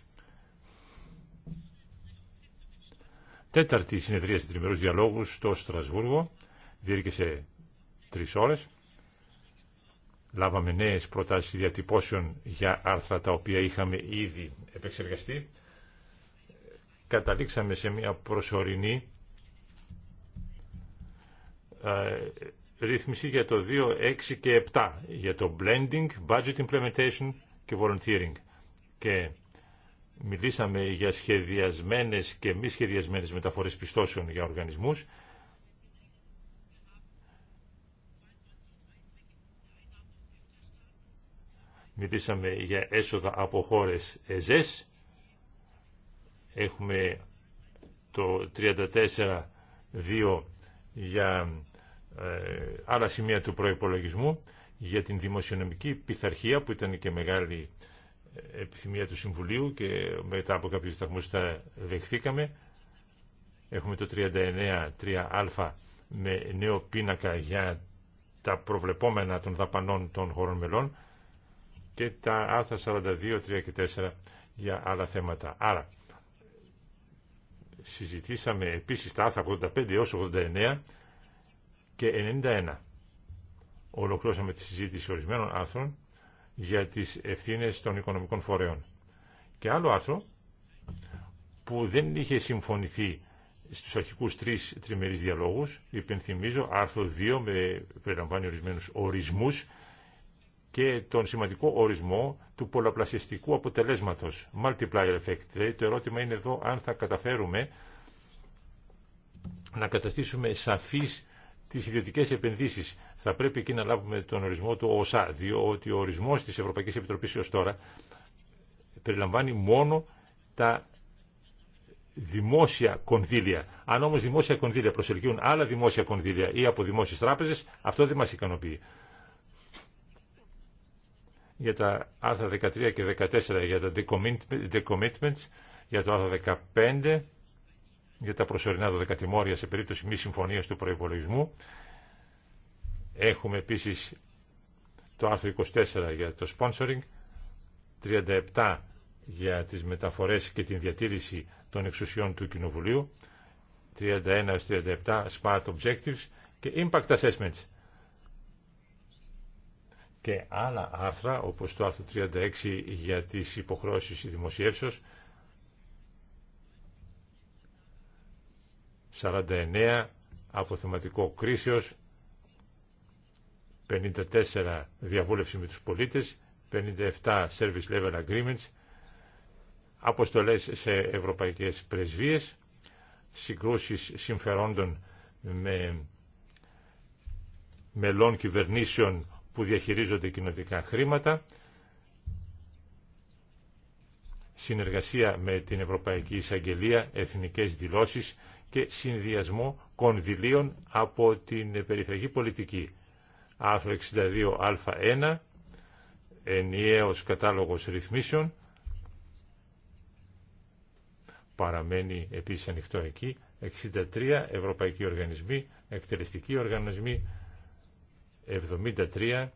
Τέταρτη συνεδρία στην τριμερούς διαλόγου στο Στρασβούργο. Διήρκεσε τρεις ώρες. Λάβαμε νέες προτάσεις διατυπώσεων για άρθρα τα οποία είχαμε ήδη επεξεργαστεί καταλήξαμε σε μια προσωρινή ε, ρύθμιση για το 2, 6 και 7 για το blending, budget implementation και volunteering. Και μιλήσαμε για σχεδιασμένες και μη σχεδιασμένες μεταφορές πιστώσεων για οργανισμούς. Μιλήσαμε για έσοδα από χώρες ΕΖΕΣ Έχουμε το 34-2 για ε, άλλα σημεία του προϋπολογισμού, για την δημοσιονομική πειθαρχία που ήταν και μεγάλη ε, επιθυμία του Συμβουλίου και μετά από κάποιους σταθμούς τα δεχθήκαμε. Έχουμε το 39 3 α με νέο πίνακα για τα προβλεπόμενα των δαπανών των χωρών μελών και τα άρθρα 42, 3 και 4 για άλλα θέματα. Άρα, συζητήσαμε επίσης τα άρθρα 85 έως 89 και 91. Ολοκλώσαμε τη συζήτηση ορισμένων άρθρων για τις ευθύνες των οικονομικών φορέων. Και άλλο άρθρο που δεν είχε συμφωνηθεί στους αρχικούς τρεις τριμερείς διαλόγους, υπενθυμίζω άρθρο 2 με περιλαμβάνει ορισμένους ορισμούς και τον σημαντικό ορισμό του πολλαπλασιαστικού αποτελέσματος, multiplier effect. το ερώτημα είναι εδώ αν θα καταφέρουμε να καταστήσουμε σαφείς τις ιδιωτικές επενδύσεις. Θα πρέπει εκεί να λάβουμε τον ορισμό του ΩΣΑ, διότι ο ορισμός της Ευρωπαϊκής Επιτροπής έως τώρα περιλαμβάνει μόνο τα δημόσια κονδύλια. Αν όμως δημόσια κονδύλια προσελκύουν άλλα δημόσια κονδύλια ή από δημόσιες τράπεζες, αυτό δεν μας ικανοποιεί για τα άρθρα 13 και 14 για τα decommitments, για το άρθρο 15 για τα προσωρινά δωδεκατημόρια σε περίπτωση μη συμφωνίας του προϋπολογισμού. Έχουμε επίσης το άρθρο 24 για το sponsoring, 37 για τις μεταφορές και την διατήρηση των εξουσιών του Κοινοβουλίου, 31 37 SMART Objectives και Impact Assessments και άλλα άρθρα όπως το άρθρο 36 για τις υποχρώσεις δημοσιεύσεως 49 αποθεματικό κρίσεως 54 διαβούλευση με τους πολίτες 57 service level agreements αποστολές σε ευρωπαϊκές πρεσβείες συγκρούσεις συμφερόντων με μελών κυβερνήσεων που διαχειρίζονται κοινοτικά χρήματα, συνεργασία με την Ευρωπαϊκή Εισαγγελία, εθνικές δηλώσεις και συνδυασμό κονδυλίων από την περιφερειακή πολιτική. Άρθρο 62α1, ενιαίος κατάλογος ρυθμίσεων, παραμένει επίσης ανοιχτό εκεί, 63 ευρωπαϊκοί οργανισμοί, εκτελεστικοί οργανισμοί, 73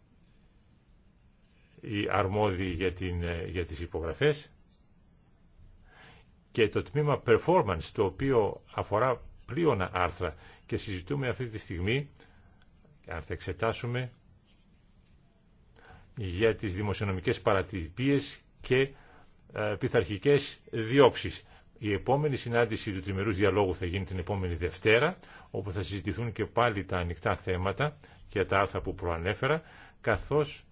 οι αρμόδιοι για, την, για τις υπογραφές και το τμήμα performance το οποίο αφορά πλήωνα άρθρα και συζητούμε αυτή τη στιγμή αν θα εξετάσουμε για τις δημοσιονομικές παρατυπίες και ε, πειθαρχικές διώξεις. Η επόμενη συνάντηση του τριμερούς διαλόγου θα γίνει την επόμενη Δευτέρα, όπου θα συζητηθούν και πάλι τα ανοιχτά θέματα για τα άρθρα που προανέφερα, καθώς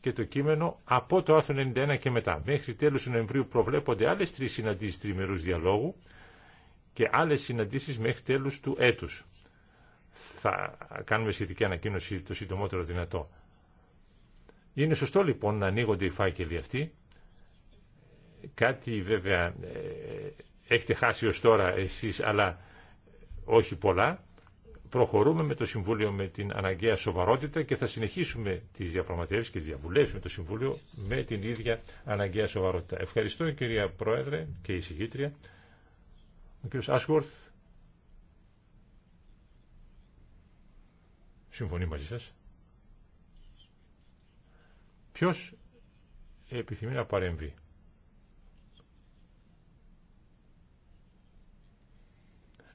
και το κείμενο από το άρθρο 91 και μετά. Μέχρι τέλος του Νοεμβρίου προβλέπονται άλλες τρεις συναντήσεις τριμερούς διαλόγου και άλλες συναντήσεις μέχρι τέλους του έτους. Θα κάνουμε σχετική ανακοίνωση το συντομότερο δυνατό. Είναι σωστό λοιπόν να ανοίγονται οι φάκελοι αυτοί. Κάτι βέβαια ε, έχετε χάσει ως τώρα εσείς αλλά όχι πολλά. Προχωρούμε με το Συμβούλιο με την αναγκαία σοβαρότητα και θα συνεχίσουμε τις διαπραγματεύσεις και τις διαβουλεύσεις με το Συμβούλιο με την ίδια αναγκαία σοβαρότητα. Ευχαριστώ κυρία Πρόεδρε και η συγγήτρια. Ο κύριος Άσχορθ συμφωνεί μαζί σας. Ποιος επιθυμεί να παρέμβει.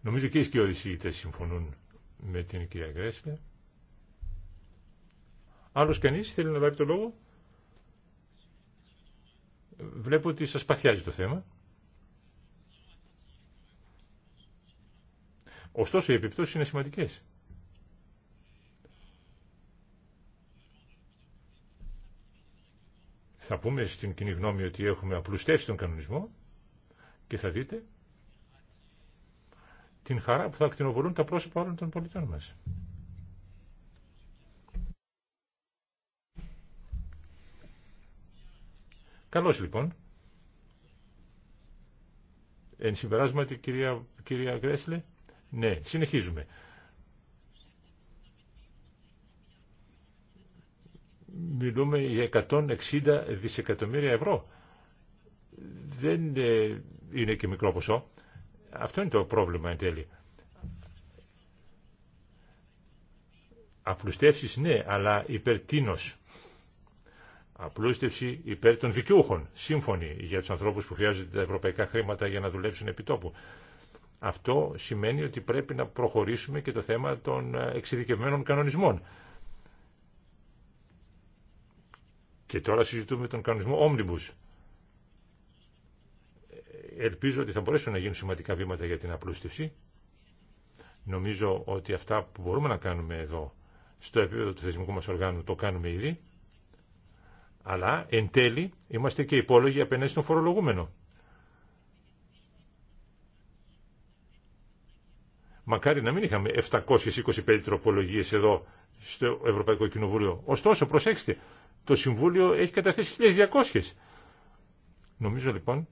Νομίζω και οι οι συμφωνούν με την κυρία Γκρέσλε. Άλλος κανείς θέλει να βάλει το λόγο. Βλέπω ότι σας παθιάζει το θέμα. Ωστόσο, οι επιπτώσεις είναι σημαντικές. Θα πούμε στην κοινή γνώμη ότι έχουμε απλουστεύσει τον κανονισμό και θα δείτε την χαρά που θα ακτινοβολούν τα πρόσωπα όλων των πολιτών μας. Καλώς λοιπόν. Εν συμπεράσματι κυρία, κυρία Γκρέσλε. Ναι, συνεχίζουμε. Μιλούμε για 160 δισεκατομμύρια ευρώ. Δεν ε, είναι και μικρό ποσό. Αυτό είναι το πρόβλημα εν τέλει. Απλουστεύσεις ναι, αλλά υπέρ τίνος. Απλούστευση υπέρ των δικαιούχων, σύμφωνοι για τους ανθρώπους που χρειάζονται τα ευρωπαϊκά χρήματα για να δουλέψουν επί τόπου. Αυτό σημαίνει ότι πρέπει να προχωρήσουμε και το θέμα των εξειδικευμένων κανονισμών. Και τώρα συζητούμε τον κανονισμό Omnibus ελπίζω ότι θα μπορέσουν να γίνουν σημαντικά βήματα για την απλούστευση. Νομίζω ότι αυτά που μπορούμε να κάνουμε εδώ στο επίπεδο του θεσμικού μας οργάνου το κάνουμε ήδη. Αλλά εν τέλει είμαστε και υπόλογοι απέναντι στον φορολογούμενο. Μακάρι να μην είχαμε 725 τροπολογίε εδώ στο Ευρωπαϊκό Κοινοβούλιο. Ωστόσο, προσέξτε, το Συμβούλιο έχει καταθέσει 1200. Νομίζω λοιπόν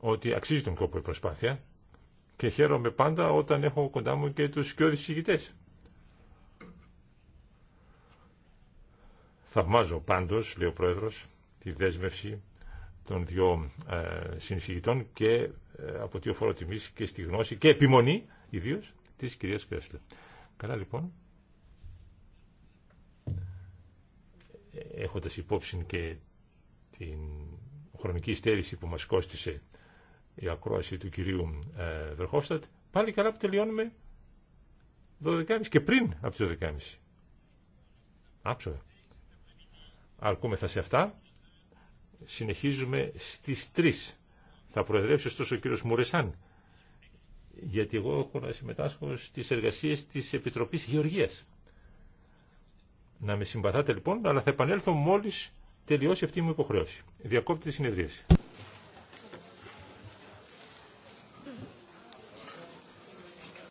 ότι αξίζει τον κόπο η προσπάθεια και χαίρομαι πάντα όταν έχω κοντά μου και τους σκιώδεις συγητές. Θαυμάζω πάντως, λέει ο Πρόεδρος, τη δέσμευση των δυο ε, και ε, από τι οφόρο τιμής και στη γνώση και επιμονή ιδίω της κυρίας Κρέσλε. Καλά λοιπόν. Ε, έχοντας υπόψη και την χρονική στέρηση που μας κόστησε η ακρόαση του κυρίου ε, Βερχόφστατ, πάλι καλά που τελειώνουμε 12.30 και πριν από τις 12.30. Άψογα. Αρκούμεθα σε αυτά. Συνεχίζουμε στις 3. Θα προεδρεύσει ωστόσο ο κύριος Μουρεσάν, γιατί εγώ έχω να συμμετάσχω στις εργασίες της Επιτροπής Γεωργίας. Να με συμπαθάτε λοιπόν, αλλά θα επανέλθω μόλις τελειώσει αυτή η μου υποχρέωση. Διακόπτη τη συνεδρίαση.